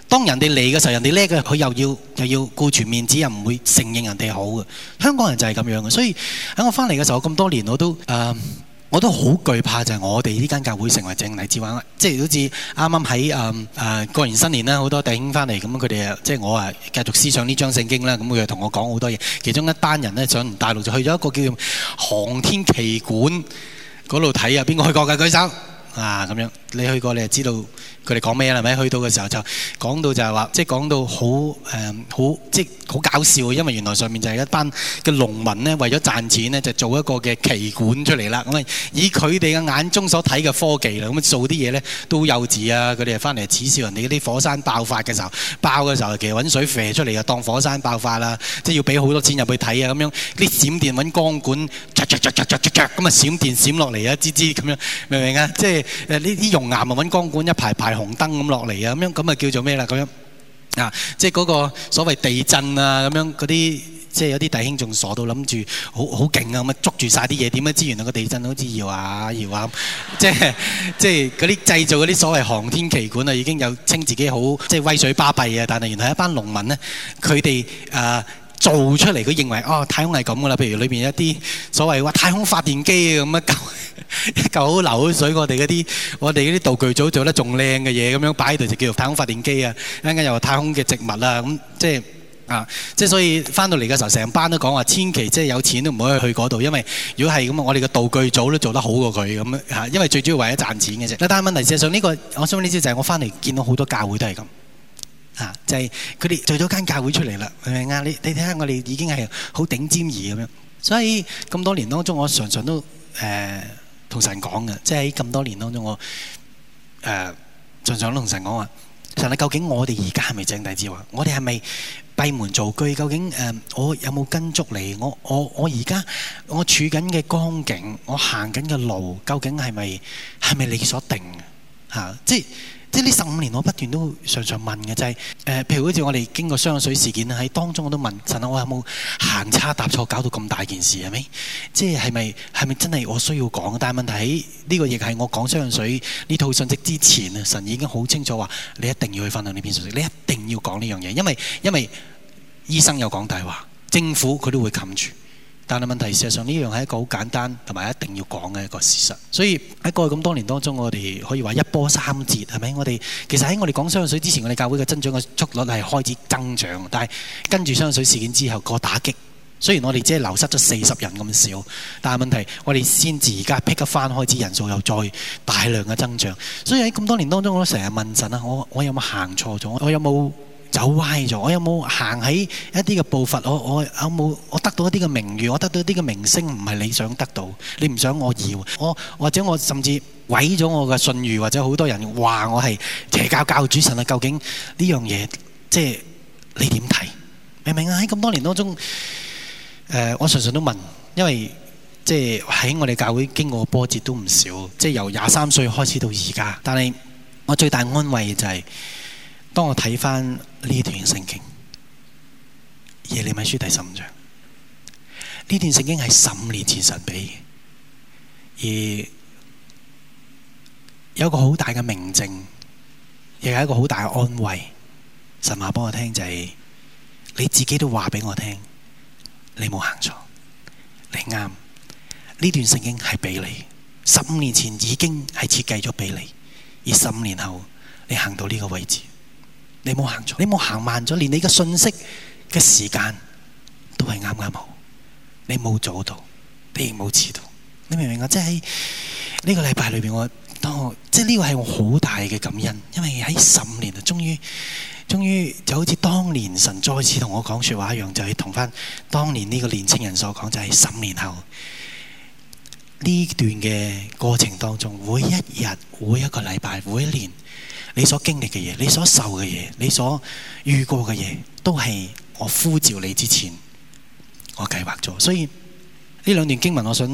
當人哋嚟嘅時候，人哋叻嘅，佢又要又要顧住面子，又唔會承認人哋好嘅。香港人就係咁樣嘅，所以喺我翻嚟嘅時候，咁多年我都誒，我都好、呃、懼怕，就係我哋呢間教會成為井底之蛙，即係好似啱啱喺誒誒過完新年啦，好多弟兄翻嚟，咁佢哋誒，即係我誒繼續思想呢張聖經啦，咁佢又同我講好多嘢。其中一班人咧，上大陸就去咗一個叫航天奇館嗰度睇啊，邊個去過嘅舉手？啊，咁樣你去過你就知道佢哋講咩啦，係咪？去到嘅時候就講到就係話，即係講到好誒好，即係好搞笑。因為原來上面就係一班嘅農民咧，為咗賺錢咧，就做一個嘅奇觀出嚟啦。咁啊，以佢哋嘅眼中所睇嘅科技啦，咁啊做啲嘢咧都幼稚啊。佢哋啊翻嚟恥笑人哋嗰啲火山爆發嘅時候，爆嘅時候其實揾水肥出嚟啊，當火山爆發啦，即係要俾好多錢入去睇啊，咁樣啲閃電揾光管。咁啊！閃電閃落嚟啊！吱吱咁樣，明唔明啊？即係誒呢啲熔岩啊，揾光管一排排紅燈咁落嚟啊！咁樣咁啊，叫做咩啦？咁樣啊！即係嗰個所謂地震啊！咁樣嗰啲即係有啲弟兄仲傻到諗住好好勁啊！咁啊，捉住晒啲嘢點樣資源個地震好似搖下、啊、搖下、啊、即係即係嗰啲製造嗰啲所謂航天奇館啊，已經有稱自己好即係威水巴閉啊！但係原來一班農民咧，佢哋誒。呃做出嚟佢認為哦太空係咁噶啦，譬如裏邊一啲所謂話太空發電機啊咁啊，一嚿流水我哋嗰啲我哋嗰啲道具組做得仲靚嘅嘢咁樣擺喺度就叫做太空發電機、嗯、啊！一陣間又話太空嘅植物啊咁，即係啊即係所以翻到嚟嘅時候，成班都講話千祈即係有錢都唔可以去嗰度，因為如果係咁我哋嘅道具組都做得好過佢咁嚇，因為最主要為咗賺錢嘅啫。但係問題事實上呢、呢個，我想呢招就係我翻嚟見到好多教會都係咁。就係佢哋做咗間教會出嚟啦，明啊？你你睇下我哋已經係好頂尖而咁樣，所以咁多年當中，我常常都誒同、呃、神講嘅，即係咁多年當中，我誒、呃、常常都同神講話，神啊，究竟我哋而家係咪正大之話？我哋係咪閉門造車？究竟誒、呃、我有冇跟足你？我我我而家我處緊嘅光景，我行緊嘅路，究竟係咪係咪你所定啊？即係。即係呢十五年，我不斷都常常問嘅就係，誒，譬如好似我哋經過雙水事件喺當中，我都問神，我有冇行差踏錯，搞到咁大件事係咪？即係係咪係咪真係我需要講？但係問題喺呢、這個亦係我講雙水呢套信息之前啊，神已經好清楚話，你一定要去分享呢篇信息，你一定要講呢樣嘢，因為因為醫生有講大話，政府佢都會冚住。但係問題，事實上呢樣係一個好簡單同埋一定要講嘅一個事實。所以喺過去咁多年當中，我哋可以話一波三折，係咪？我哋其實喺我哋講香水之前，我哋教會嘅增長嘅速率係開始增長，但係跟住香水事件之後，那個打擊，雖然我哋只係流失咗四十人咁少，但係問題我哋先至而家 p i 撇咗翻開始，人數又再大量嘅增長。所以喺咁多年當中，我都成日問神啊，我我有冇行錯咗？我有冇？走歪咗，我有冇行喺一啲嘅步伐？我我，我有冇我得到一啲嘅名譽，我得到一啲嘅名聲，唔係你想得到，你唔想我要，我，或者我甚至毀咗我嘅信譽，或者好多人話我係邪教教主，神啊，究竟呢樣嘢即係你點睇？明唔明啊？喺咁多年當中，誒、呃，我常常都問，因為即係喺我哋教會經過波折都唔少，即係由廿三歲開始到而家。但係我最大安慰就係、是，當我睇翻。呢段聖經耶利米書第十五章，呢段聖經係十五年前神畀嘅，而有一個好大嘅明證，亦係一個好大嘅安慰。神話幫我聽仔，就係，你自己都話畀我聽，你冇行錯，你啱。呢段聖經係畀你，十五年前已經係設計咗畀你，而十五年後你行到呢個位置。你冇行錯，你冇行慢咗，連你嘅信息嘅時間都係啱啱好。你冇做到，你亦冇遲到。你明唔明啊？即係呢個禮拜裏邊，當我當即呢個係我好大嘅感恩，因為喺十年啊，終於終於就好似當年神再次同我講說話一樣，就係同翻當年呢個年青人所講，就係、是、十五年後呢段嘅過程當中，每一日，每一個禮拜，每一年。你所經歷嘅嘢，你所受嘅嘢，你所遇過嘅嘢，都係我呼召你之前，我計劃咗。所以呢兩段經文，我想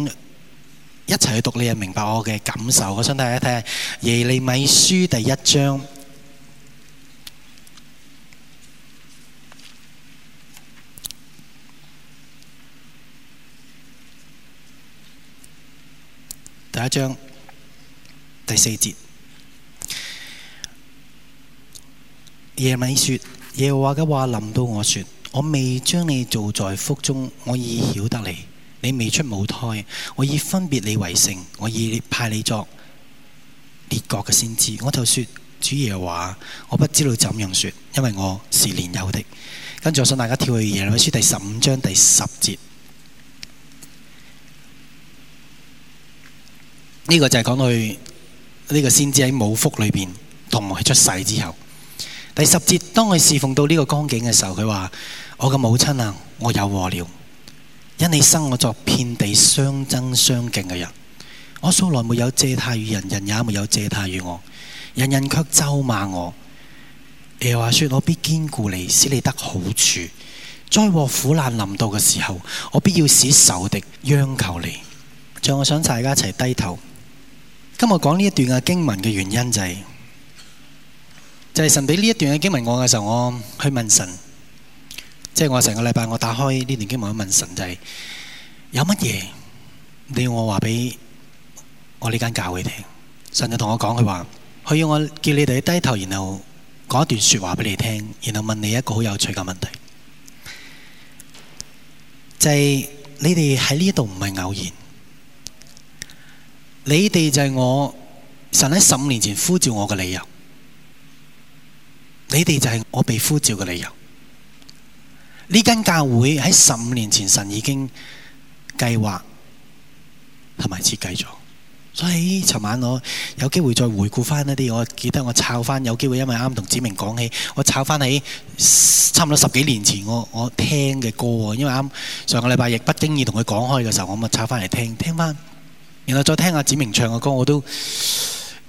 一齊去讀你，你又明白我嘅感受。我想睇下睇下耶利米書第一,第一章，第一章第四節。耶米說耶華嘅話，臨到我說：我未將你做在腹中，我已曉得你；你未出母胎，我已分別你為聖，我已派你作列國嘅先知。我就說，主耶華，我不知道怎樣說，因為我是年幼的。跟住我想大家跳去耶利米書第十五章第十節，呢、這個就係講到呢、這個先知喺母腹裏邊同埋出世之後。第十節，當佢侍奉到呢個光景嘅時候，佢話：我嘅母親啊，我有禍了，因你生我作遍地相爭相競嘅人，我素來沒有借貸與人，人也沒有借貸與我，人人卻咒罵，罵我。又話說：我必堅固你，使你得好處。災禍苦難臨到嘅時候，我必要使仇敵央求你。就我想，大家一齊低頭。今日講呢一段嘅經文嘅原因就係、是。就係神俾呢一段經文我嘅時候，我去問神，即係我成個禮拜我打開呢段經文去問神，就係有乜嘢你要我話俾我呢間教會聽。神就同我講，佢話佢要我叫你哋低頭，然後講一段說話俾你聽，然後問你一個好有趣嘅問題。就係你哋喺呢度唔係偶然，你哋就係我神喺十五年前呼召我嘅理由。你哋就係我被呼召嘅理由。呢間教會喺十五年前，神已經計劃同埋設計咗。所以尋晚我有機會再回顧翻一啲，我記得我抄翻，有機會，因為啱同子明講起，我抄翻起差唔多十幾年前我我聽嘅歌，因為啱上個禮拜亦不經意同佢講開嘅時候，我咪抄翻嚟聽聽翻，然後再聽下子明唱嘅歌，我都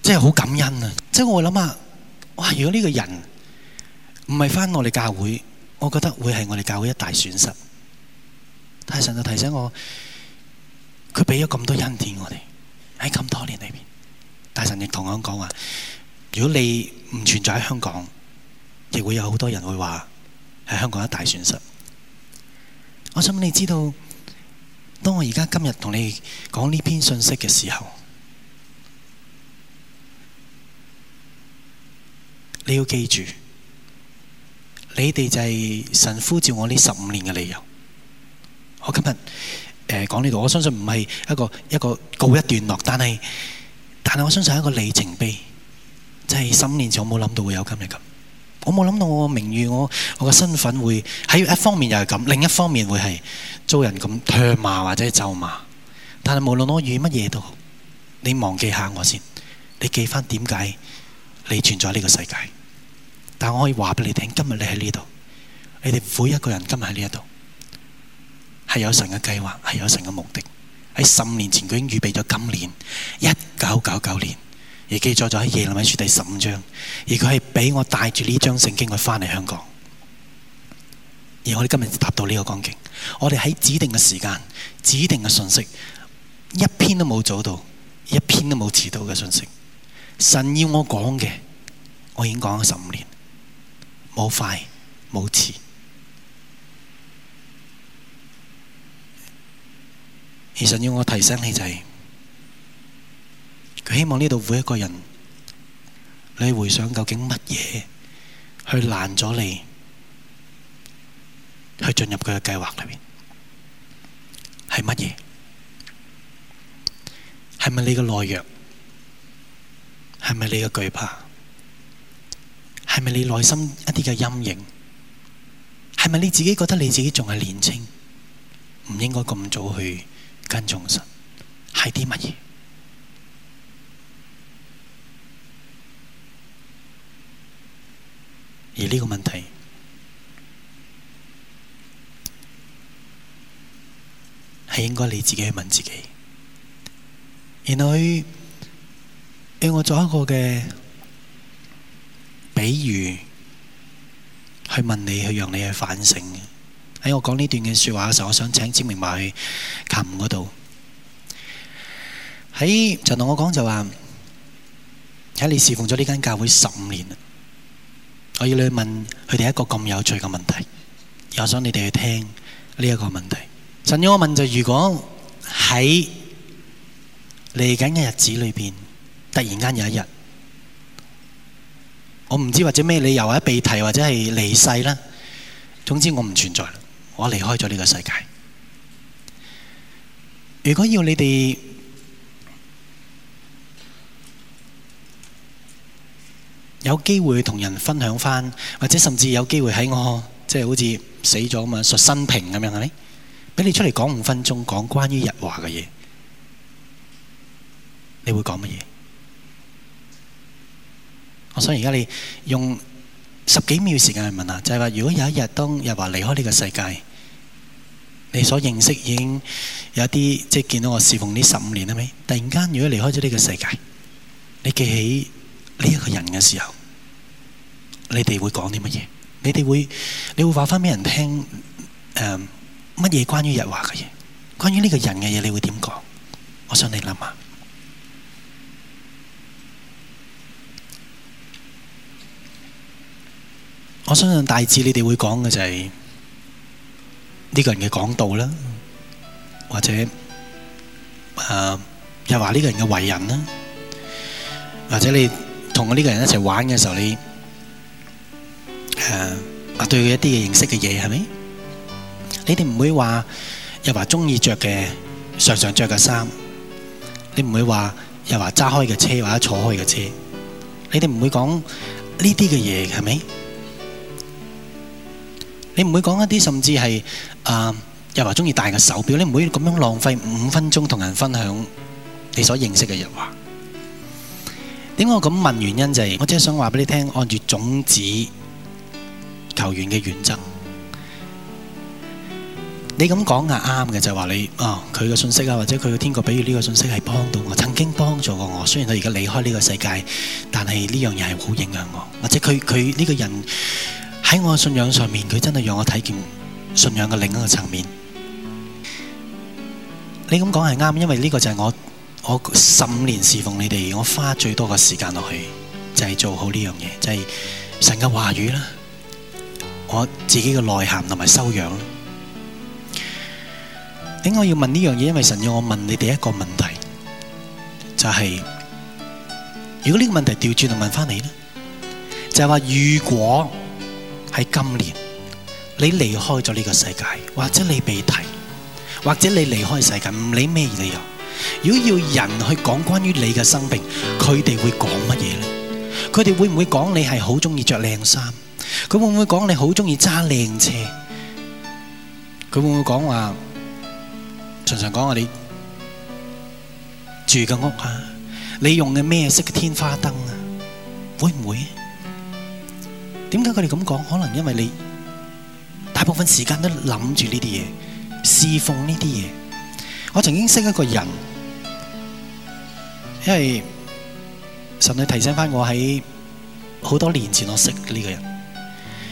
真係好感恩啊！即係我諗下，哇！如果呢個人，唔係返我哋教會，我覺得會係我哋教會一大損失。大神就提醒我，佢俾咗咁多恩典我哋喺咁多年裏面，大神亦同樣講話，如果你唔存在喺香港，亦會有好多人會話係香港一大損失。我想你知道，當我而家今日同你講呢篇信息嘅時候，你要記住。你哋就係神呼召我呢十五年嘅理由。我今日誒講呢度，我相信唔係一個一個告一段落，但係但係我相信係一個里程碑，即係十五年前，我冇諗到會有今日咁。我冇諗到我名譽，我我個身份會喺一方面又係咁，另一方面會係遭人咁唾罵或者咒罵。但係無論我遇乜嘢都好，你忘記下我先，你記翻點解你存在呢個世界。但我可以話俾你聽，今日你喺呢度，你哋每一個人今日喺呢一度，係有神嘅計劃，係有神嘅目的。喺十五年前佢已經預備咗今年一九九九年，而記載咗喺《耶利米書》第十五章，而佢係俾我帶住呢張聖經去翻嚟香港，而我哋今日達到呢個光景，我哋喺指定嘅時間、指定嘅信息，一篇都冇早到，一篇都冇遲到嘅信息。神要我講嘅，我已經講咗十五年。冇快冇遲，其實要我提醒你就係、是，佢希望呢度每一個人，你回想究竟乜嘢去攔咗你，去進入佢嘅計劃裏面。係乜嘢？係咪你嘅懦弱？係咪你嘅懼怕？係咪你內心一啲嘅陰影？係咪你自己覺得你自己仲係年輕，唔應該咁早去跟從神？係啲乜嘢？而呢個問題係應該你自己去問自己。然後要我做一個嘅。比如去問你去讓你去反省，喺我講呢段嘅說話嘅時候，我想請張明華去琴嗰度。喺就同我講就話，睇你侍奉咗呢間教會十五年，我要你去問佢哋一個咁有趣嘅問題，又想你哋去聽呢一個問題。神要我問就，如果喺嚟緊嘅日子裏面，突然間有一日。我唔知道什麼理由或者咩理由啊，被提或者係離世啦，總之我唔存在了，我離開咗呢個世界。如果要你哋有機會同人分享返，或者甚至有機會喺我即係、就是、好似死咗咁啊，述生平咁樣畀你出嚟講五分鐘，講關於日華嘅嘢，你會講乜嘢？我想而家你用十幾秒時間去問下，就係話如果有一日當日華離開呢個世界，你所認識已經有一啲即係見到我侍奉呢十五年啦，咪突然間如果離開咗呢個世界，你記起呢一個人嘅時候，你哋會講啲乜嘢？你哋會你會話翻俾人聽誒乜嘢關於日華嘅嘢？關於呢個人嘅嘢你會點講？我想你諗下。我相信大致你哋會講嘅就係呢個人嘅講道啦，或者誒，又話呢個人嘅為人啦，或者你同我呢個人一齊玩嘅時候，你誒對佢一啲嘅認識嘅嘢係咪？你哋唔會話又話中意着嘅常常着嘅衫，你唔會話又話揸開嘅車或者坐開嘅車，你哋唔會講呢啲嘅嘢係咪？你唔會講一啲，甚至係啊、呃，又話中意戴嘅手錶，你唔會咁樣浪費五分鐘同人分享你所認識嘅日華。點解我咁問？原因就係、是，我真係想話俾你聽，按住種子球員嘅原則，你咁講係啱嘅，就係、是、話你啊，佢、哦、嘅信息啊，或者佢嘅天國，比如呢個信息係幫到我，曾經幫助過我。雖然佢而家離開呢個世界，但係呢樣嘢係好影響我，或者佢佢呢個人。喺我嘅信仰上面，佢真係讓我睇見信仰嘅另一個層面。你噉講是係啱，因為呢個就是我我十五年侍奉你哋，我花最多嘅時間落去，就係、是、做好呢樣嘢，就係神嘅話語啦，我自己嘅內涵同埋修養。點我要問呢樣嘢？因為神要我問你哋一個問題，就係如果呢個問題調轉嚟問返你咧，就係話如果。喺今年，你離開咗呢個世界，或者你被提，或者你離開世界，唔理咩理由。如果要人去講關於你嘅生命，佢哋會講乜嘢咧？佢哋會唔會講你係好中意着靚衫？佢會唔會講你好中意揸靚車？佢會唔會講話？常常講你住嘅屋啊，你用嘅咩色嘅天花燈啊？會唔會？點解佢哋咁講？可能因為你大部分時間都諗住呢啲嘢，侍奉呢啲嘢。我曾經識一個人，因為神佢提醒翻我喺好多年前我識呢個人。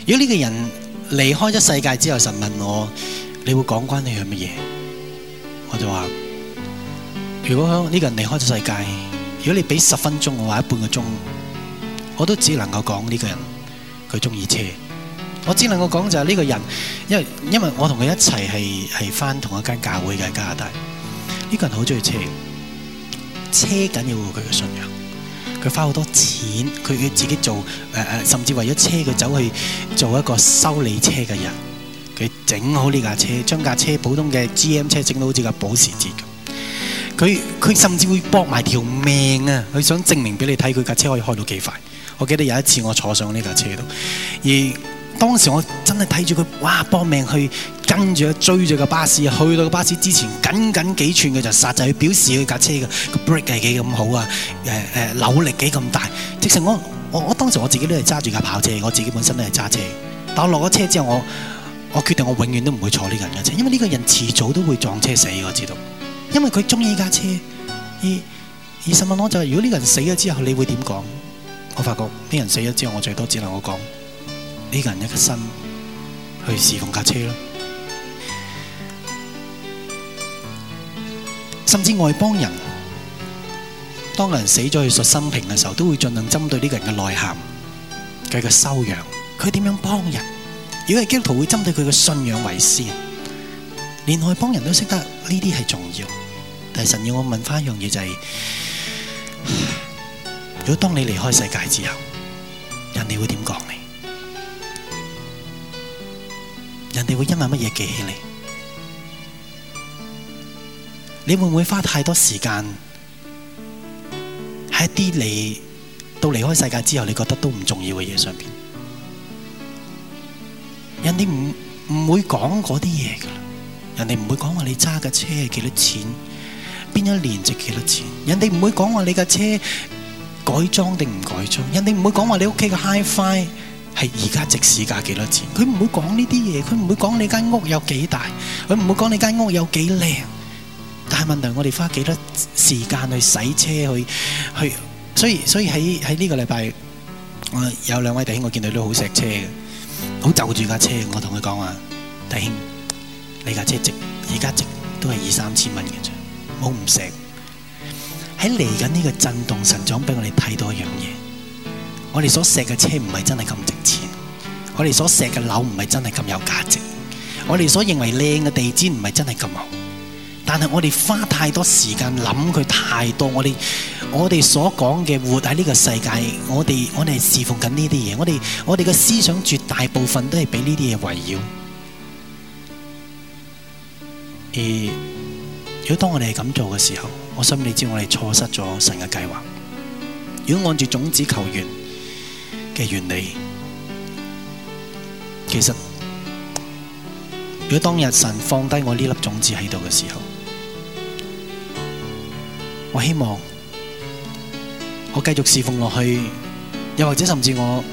如果呢個人離開咗世界之後，神問我你會講關於佢係乜嘢？我就話：如果呢個人離開咗世界，如果你俾十分鐘我話，一半個鐘，我都只能夠講呢個人。佢中意車，我只能夠講就係呢個人，因為因為我同佢一齊係係翻同一間教會嘅加拿大，呢、這個人好中意車，車緊要佢嘅信仰，佢花好多錢，佢佢自己做誒誒、呃，甚至為咗車佢走去做一個修理車嘅人，佢整好呢架車，將架車普通嘅 GM 車整到好似架保時捷咁，佢佢甚至會搏埋條命啊，佢想證明俾你睇佢架車可以開到幾快。我記得有一次我坐上呢架車度，而當時我真係睇住佢，哇！搏命去跟住追住個巴士，去到個巴士之前僅僅幾寸嘅就剎掣，就去、是、表示佢架車嘅個 brake 係幾咁好啊！誒、啊、誒，扭力幾咁大。其實我我我當時我自己都係揸住架跑車，我自己本身都係揸車。但我落咗車之後，我我決定我永遠都唔會坐呢個人嘅車，因為呢個人遲早都會撞車死。我知道，因為佢中意架車。而而十問我就係、是：如果呢個人死咗之後，你會點講？我發覺啲人死咗之後，我最多只能我講呢個人一個身去侍奉架車咯。甚至外邦人，當個人死咗去述生平嘅時候，都會盡量針對呢個人嘅內涵、佢嘅修養、佢點樣幫人。如果係基督徒，會針對佢嘅信仰為先。連外邦人都識得呢啲係重要，但係神要我問翻一樣嘢就係、是。如果當你離開世界之後，人哋會點講你？人哋會因為乜嘢記起你？你會唔會花太多時間喺一啲你到離開世界之後你覺得都唔重要嘅嘢上邊？人哋唔唔會講嗰啲嘢噶人哋唔會講話你揸嘅車係幾多錢，邊一年值幾多錢？人哋唔會講話你架車。改裝定唔改裝？人哋唔會講話你屋企嘅 HiFi 係而家值市價幾多錢？佢唔會講呢啲嘢，佢唔會講你間屋有幾大，佢唔會講你間屋有幾靚。但係問題，我哋花幾多時間去洗車去去，所以所以喺喺呢個禮拜，我有兩位弟兄，我見到都好錫車嘅，好就住架車。我同佢講話，弟兄，你架車值而家值都係二三千蚊嘅啫，好唔錫。喺嚟緊呢個震動，神將俾我哋睇到一樣嘢，我哋所錫嘅車唔係真係咁值錢，我哋所錫嘅樓唔係真係咁有價值，我哋所認為靚嘅地氈唔係真係咁好，但係我哋花太多時間諗佢太多，我哋我哋所講嘅活喺呢個世界，我哋我哋係侍奉緊呢啲嘢，我哋我哋嘅思想絕大部分都係俾呢啲嘢圍繞。而如果當我哋係咁做嘅時候，我心裏知道，我哋錯失咗神嘅計劃。如果按住種子求緣嘅原理，其實如果當日神放低我呢粒種，種子喺度嘅時候，我希望我繼續侍奉落去，又或者甚至我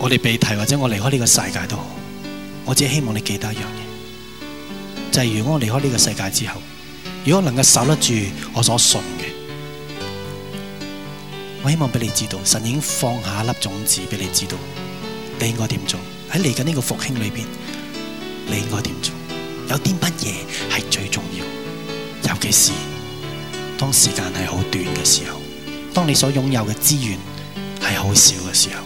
我哋被提，或者我離開呢個世界都好，我只希望你記得一樣嘢，就係如果我離開呢個世界之後。如果能夠守得住我所信嘅，我希望俾你知道，神已經放下一粒種子俾你知道，你應該點做？喺嚟緊呢個復興裏邊，你應該點做？有啲乜嘢係最重要？尤其是當時間係好短嘅時候，當你所擁有嘅資源係好少嘅時候。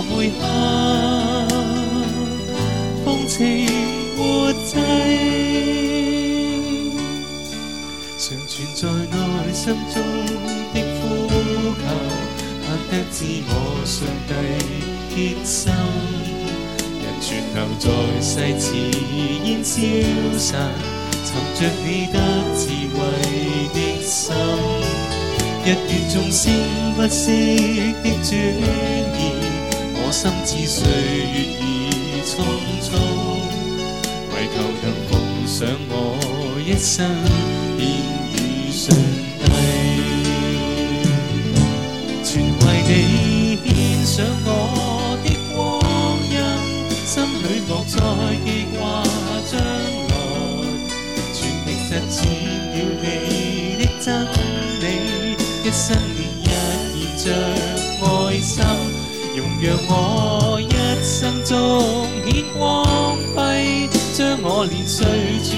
我每刻奉情活祭，常存在內心中的呼求，盼得知我上帝接受，人存留在世似煙消散，尋着你得智慧的心，一遍眾生不息的轉移。我心知歲月已匆匆，唯求能奉上我一生獻與上帝。全為 你獻上我的光陰，心裏莫再記掛將來，全力實踐了你的真理，一生一年一獻醉。讓我一生中顯光輝，將我年歲。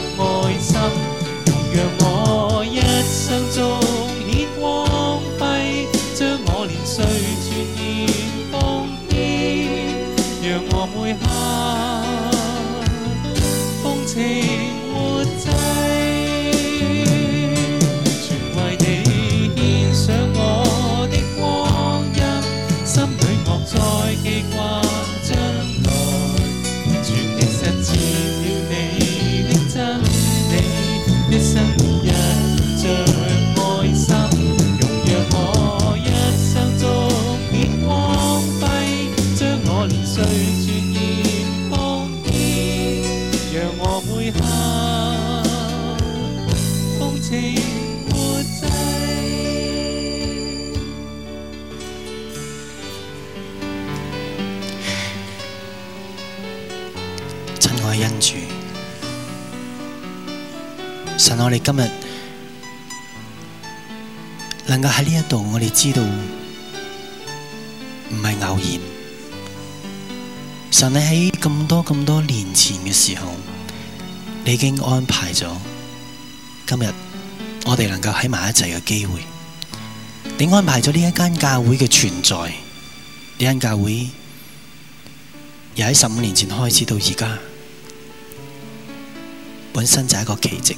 我哋今日能夠喺呢一度，我哋知道唔係偶然。神，你喺咁多咁多年前嘅時候，你已經安排咗今日我哋能夠喺埋一齊嘅機會。你安排咗呢一間教會嘅存在，呢間教會又喺十五年前開始到而家，本身就係一個奇跡。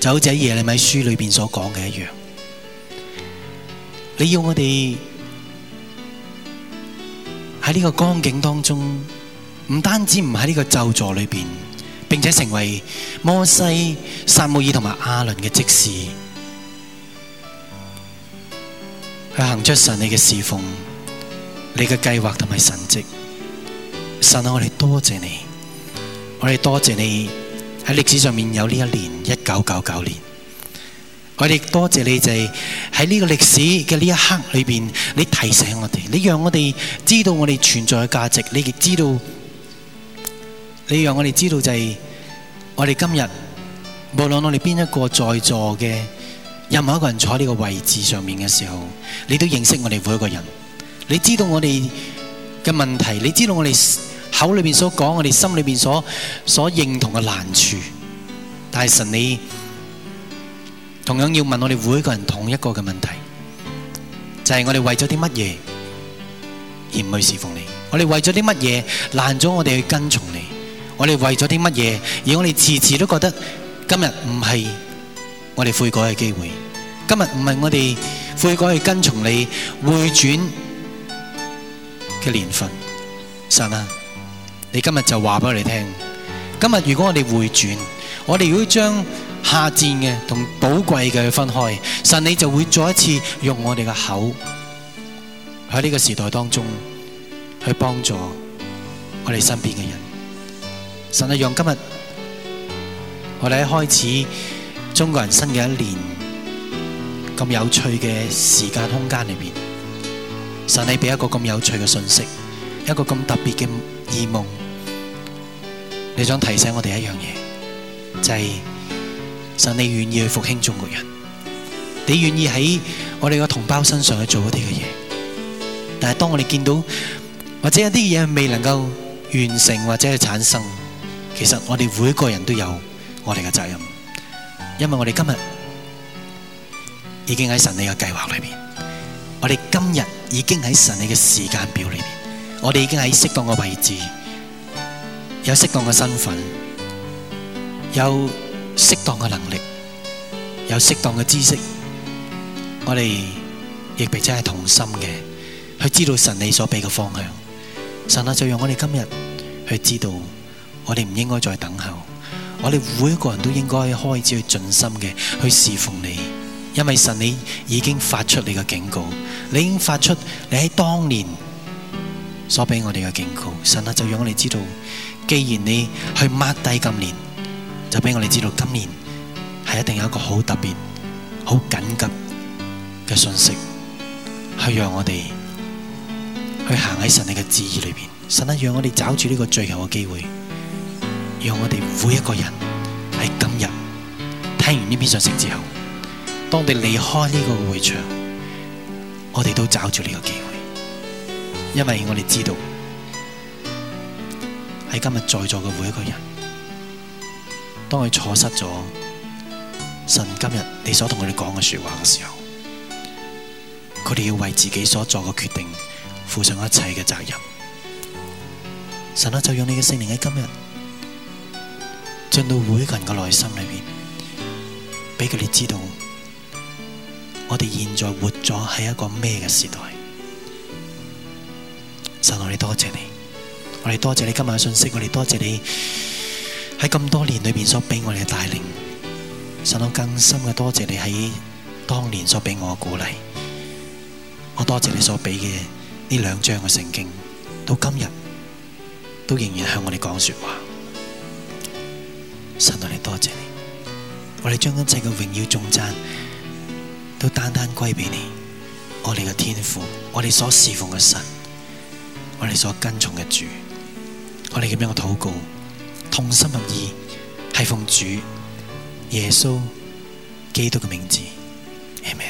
就好似喺耶利米書裏邊所講嘅一樣，你要我哋喺呢個光景當中，唔單止唔喺呢個咒座裏邊，並且成為摩西、撒母耳同埋亞倫嘅祭司去行出神你嘅侍奉、你嘅計劃同埋神蹟。神啊，我哋多謝你，我哋多謝你。喺歷史上面有呢一年一九九九年，我哋多謝你就係喺呢個歷史嘅呢一刻裏邊，你提醒我哋，你讓我哋知道我哋存在嘅價值，你亦知道，你讓我哋知道就係，我哋今日無論我哋邊一個在座嘅任何一個人坐喺呢個位置上面嘅時候，你都認識我哋每一個人，你知道我哋嘅問題，你知道我哋。口裏面所講，我哋心裏邊所所認同嘅難處，但係神你同樣要問我哋每一個人同一個嘅問題，就係、是、我哋為咗啲乜嘢而唔去侍奉你？我哋為咗啲乜嘢難咗我哋去跟從你？我哋為咗啲乜嘢而我哋次次都覺得今日唔係我哋悔改嘅機會，今日唔係我哋悔改去跟從你回轉嘅年份，神啊！你今日就話俾我哋聽，今日如果我哋回轉，我哋如果將下賤嘅，同寶貴嘅分開，神你就會再一次用我哋嘅口喺呢個時代當中去幫助我哋身邊嘅人。神你讓今日我哋喺開始中國人新嘅一年咁有趣嘅時間空間裏邊，神你俾一個咁有趣嘅信息，一個咁特別嘅異夢。你想提醒我哋一樣嘢，就係神你願意去復興中國人，你願意喺我哋嘅同胞身上去做一啲嘅嘢。但係當我哋見到或者一啲嘢未能夠完成或者係產生，其實我哋每個人都有我哋嘅責任，因為我哋今日已經喺神你嘅計劃裏邊，我哋今日已經喺神你嘅時間表裏邊，我哋已經喺適當嘅位置。有適當嘅身份，有適當嘅能力，有適當嘅知識，我哋亦被真係同心嘅，去知道神你所俾嘅方向。神啊，就讓我哋今日去知道，我哋唔應該再等候，我哋每一個人都應該開始去盡心嘅去侍奉你，因為神你已經發出你嘅警告，你已經發出你喺當年。所俾我哋嘅警告，神啊，就讓我哋知道，既然你去抹低今年，就俾我哋知道今年係一定有一個好特別、好緊急嘅信息，係讓我哋去行喺神你嘅旨意裏邊。神啊，讓我哋找住呢個最後嘅機會，讓我哋每一個人喺今日聽完呢篇信息之後，當你離開呢個會場，我哋都找住呢個機會。因為我哋知道，喺今日在座嘅每一個人，當佢錯失咗神今日你所同佢哋講嘅說話嘅時候，佢哋要為自己所做嘅決定負上一切嘅責任。神就用你嘅聖靈喺今日進到每一個人嘅內心裏面，俾佢哋知道，我哋現在活咗喺一個咩嘅時代。神我哋多謝你，我哋多謝你今日嘅信息，我哋多謝你喺咁多年裏邊所俾我哋嘅帶領，神我更深嘅多謝你喺當年所畀我嘅鼓勵，我多謝你所畀嘅呢兩張嘅聖經，到今日都仍然向我哋講說話，神我哋多謝你，我哋將一切嘅榮耀頌讚都單單歸畀你，我哋嘅天父，我哋所侍奉嘅神。我哋所跟從嘅主，我哋咁樣嘅禱告，同心合意，係奉主耶穌基督嘅名字，阿門。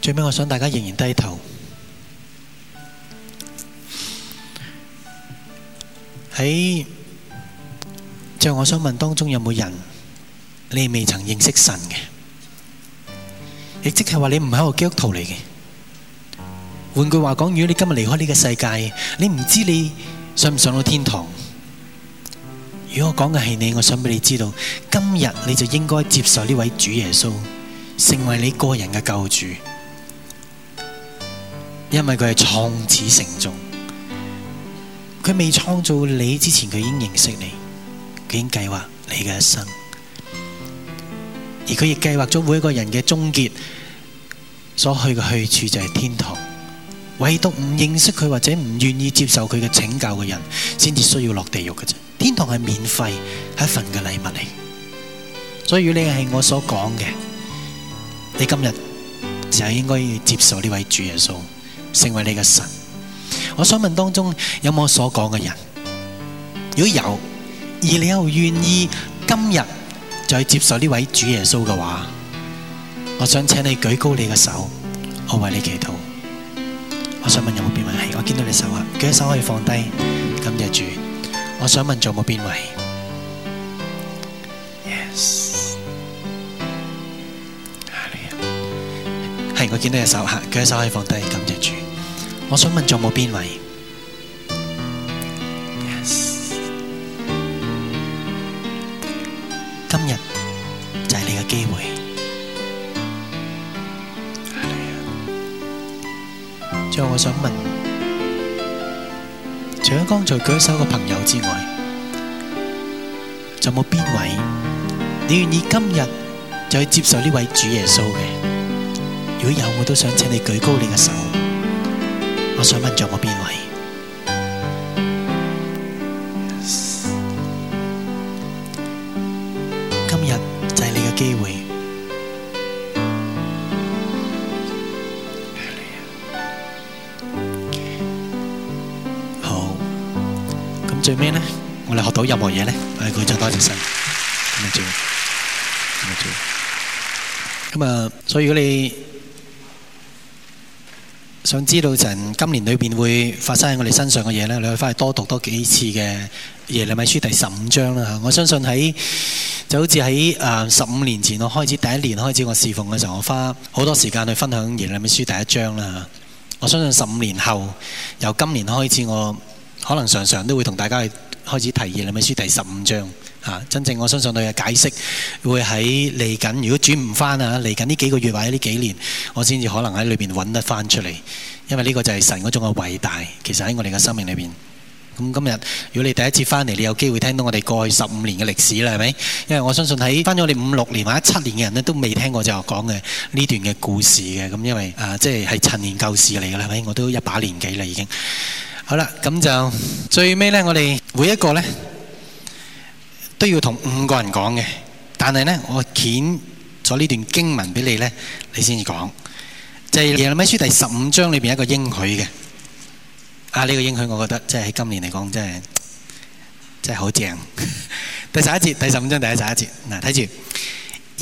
最尾我想大家仍然低頭喺，最後我想問當中有冇人你未曾認識神嘅，亦即係話你唔喺一個基督徒嚟嘅。換句話講，如果你今日離開呢個世界，你唔知你上唔上到天堂。如果我講嘅係你，我想俾你知道，今日你就應該接受呢位主耶穌，成為你個人嘅救主。因為佢係創始成終，佢未創造你之前，佢已經認識你，佢已經計劃你嘅一生，而佢亦計劃咗每一個人嘅終結，所去嘅去處就係天堂。唯獨唔認識佢或者唔願意接受佢嘅請教嘅人，先至需要落地獄嘅人。天堂係免費，係一份嘅禮物嚟。所以如果你係我所講嘅，你今日就應該要接受呢位主耶穌，成為你嘅神。我想問當中有冇我所講嘅人？如果有，而你又願意今日再接受呢位主耶穌嘅話，我想請你舉高你嘅手，我為你祈禱。我想問有冇邊位？我見到你手合，佢手可以放低，感謝主。我想問仲有冇邊位？Yes，係。係我見到你手合，佢手可以放低，感謝主。我想問仲有冇邊位？Yes，今日。咁我想問，除咗剛才舉手嘅朋友之外，仲有冇邊位你願意今日就去接受呢位主耶穌嘅？如果有，我都想請你舉高你嘅手。我想問，仲有冇邊位？今日就係你嘅機會。最尾呢，我哋學到任何嘢呢，誒，佢就多謝晒。咁、嗯、啊、嗯嗯嗯，所以如果你想知道陣今年裏邊會發生喺我哋身上嘅嘢呢，你可以翻去多讀多幾次嘅《耶利米書》第十五章啦。我相信喺就好似喺誒十五年前我開始第一年開始我侍奉嘅時候，我花好多時間去分享《耶利米書》第一章啦。我相信十五年後，由今年開始我。可能常常都會同大家去開始提議，《禮記》書第十五章啊。真正我相信佢嘅解釋會喺嚟緊，如果轉唔翻啊，嚟緊呢幾個月或者呢幾年，我先至可能喺裏邊揾得翻出嚟。因為呢個就係神嗰種嘅偉大，其實喺我哋嘅生命裏邊。咁今日如果你第一次翻嚟，你有機會聽到我哋過去十五年嘅歷史啦，係咪？因為我相信喺翻咗你五六年或者七年嘅人呢，都未聽過我講嘅呢段嘅故事嘅。咁因為啊，即係係陳年舊事嚟㗎啦，係咪？我都一把年紀啦，已經。好啦，咁就最尾咧，我哋每一個咧都要同五個人講嘅。但係咧，我鉛咗呢段經文俾你咧，你先至講。就係、耶利米書第十五章裏面一個應許嘅。啊，呢、呢個應許，我覺得即係喺今年嚟講真，真係真係好正。第十一節，第十五章第一十一節。嗱，睇住。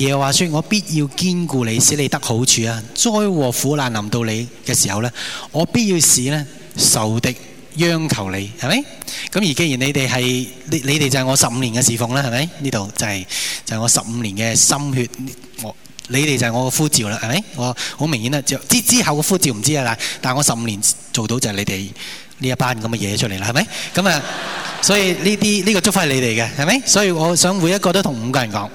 耶和華說：我必要堅固你，使你得好處啊！災禍苦難臨到你嘅時候咧，我必要使咧仇敵。央求你係咪？咁而既然你哋係你你哋就係我十五年嘅侍奉啦，係咪？呢度就係就係我十五年嘅心血，我你哋就係我嘅呼召啦，係咪？我好明顯啦，之之後嘅呼召唔知啊，但但係我十五年做到就係你哋呢一班咁嘅嘢出嚟啦，係咪？咁啊，所以呢啲呢個祝福係你哋嘅，係咪？所以我想每一個都同五個人講，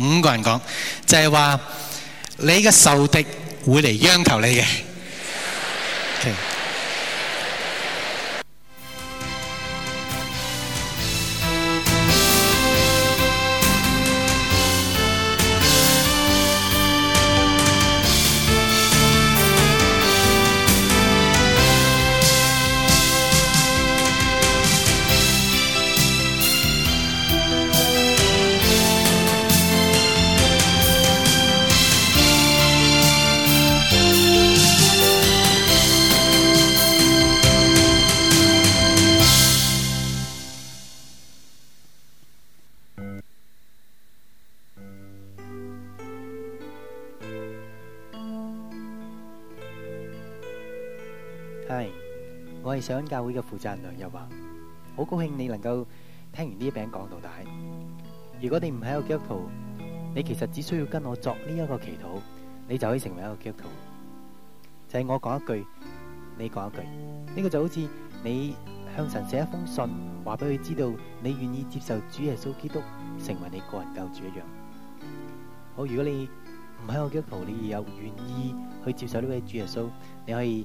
五個人講就係話你嘅仇敵會嚟央求你嘅。Hi，我係上教會嘅負責人梁日華，好高興你能夠聽完呢一篇講道帶。如果你唔係一個基督徒，你其實只需要跟我作呢一個祈禱，你就可以成為一個基督徒。就係我講一句，你講一句，呢個就好似你向神寫一封信，話俾佢知道你願意接受主耶穌基督成為你個人救主一樣。好，如果你唔係一個基督徒，你又願意去接受呢位主耶穌，你可以。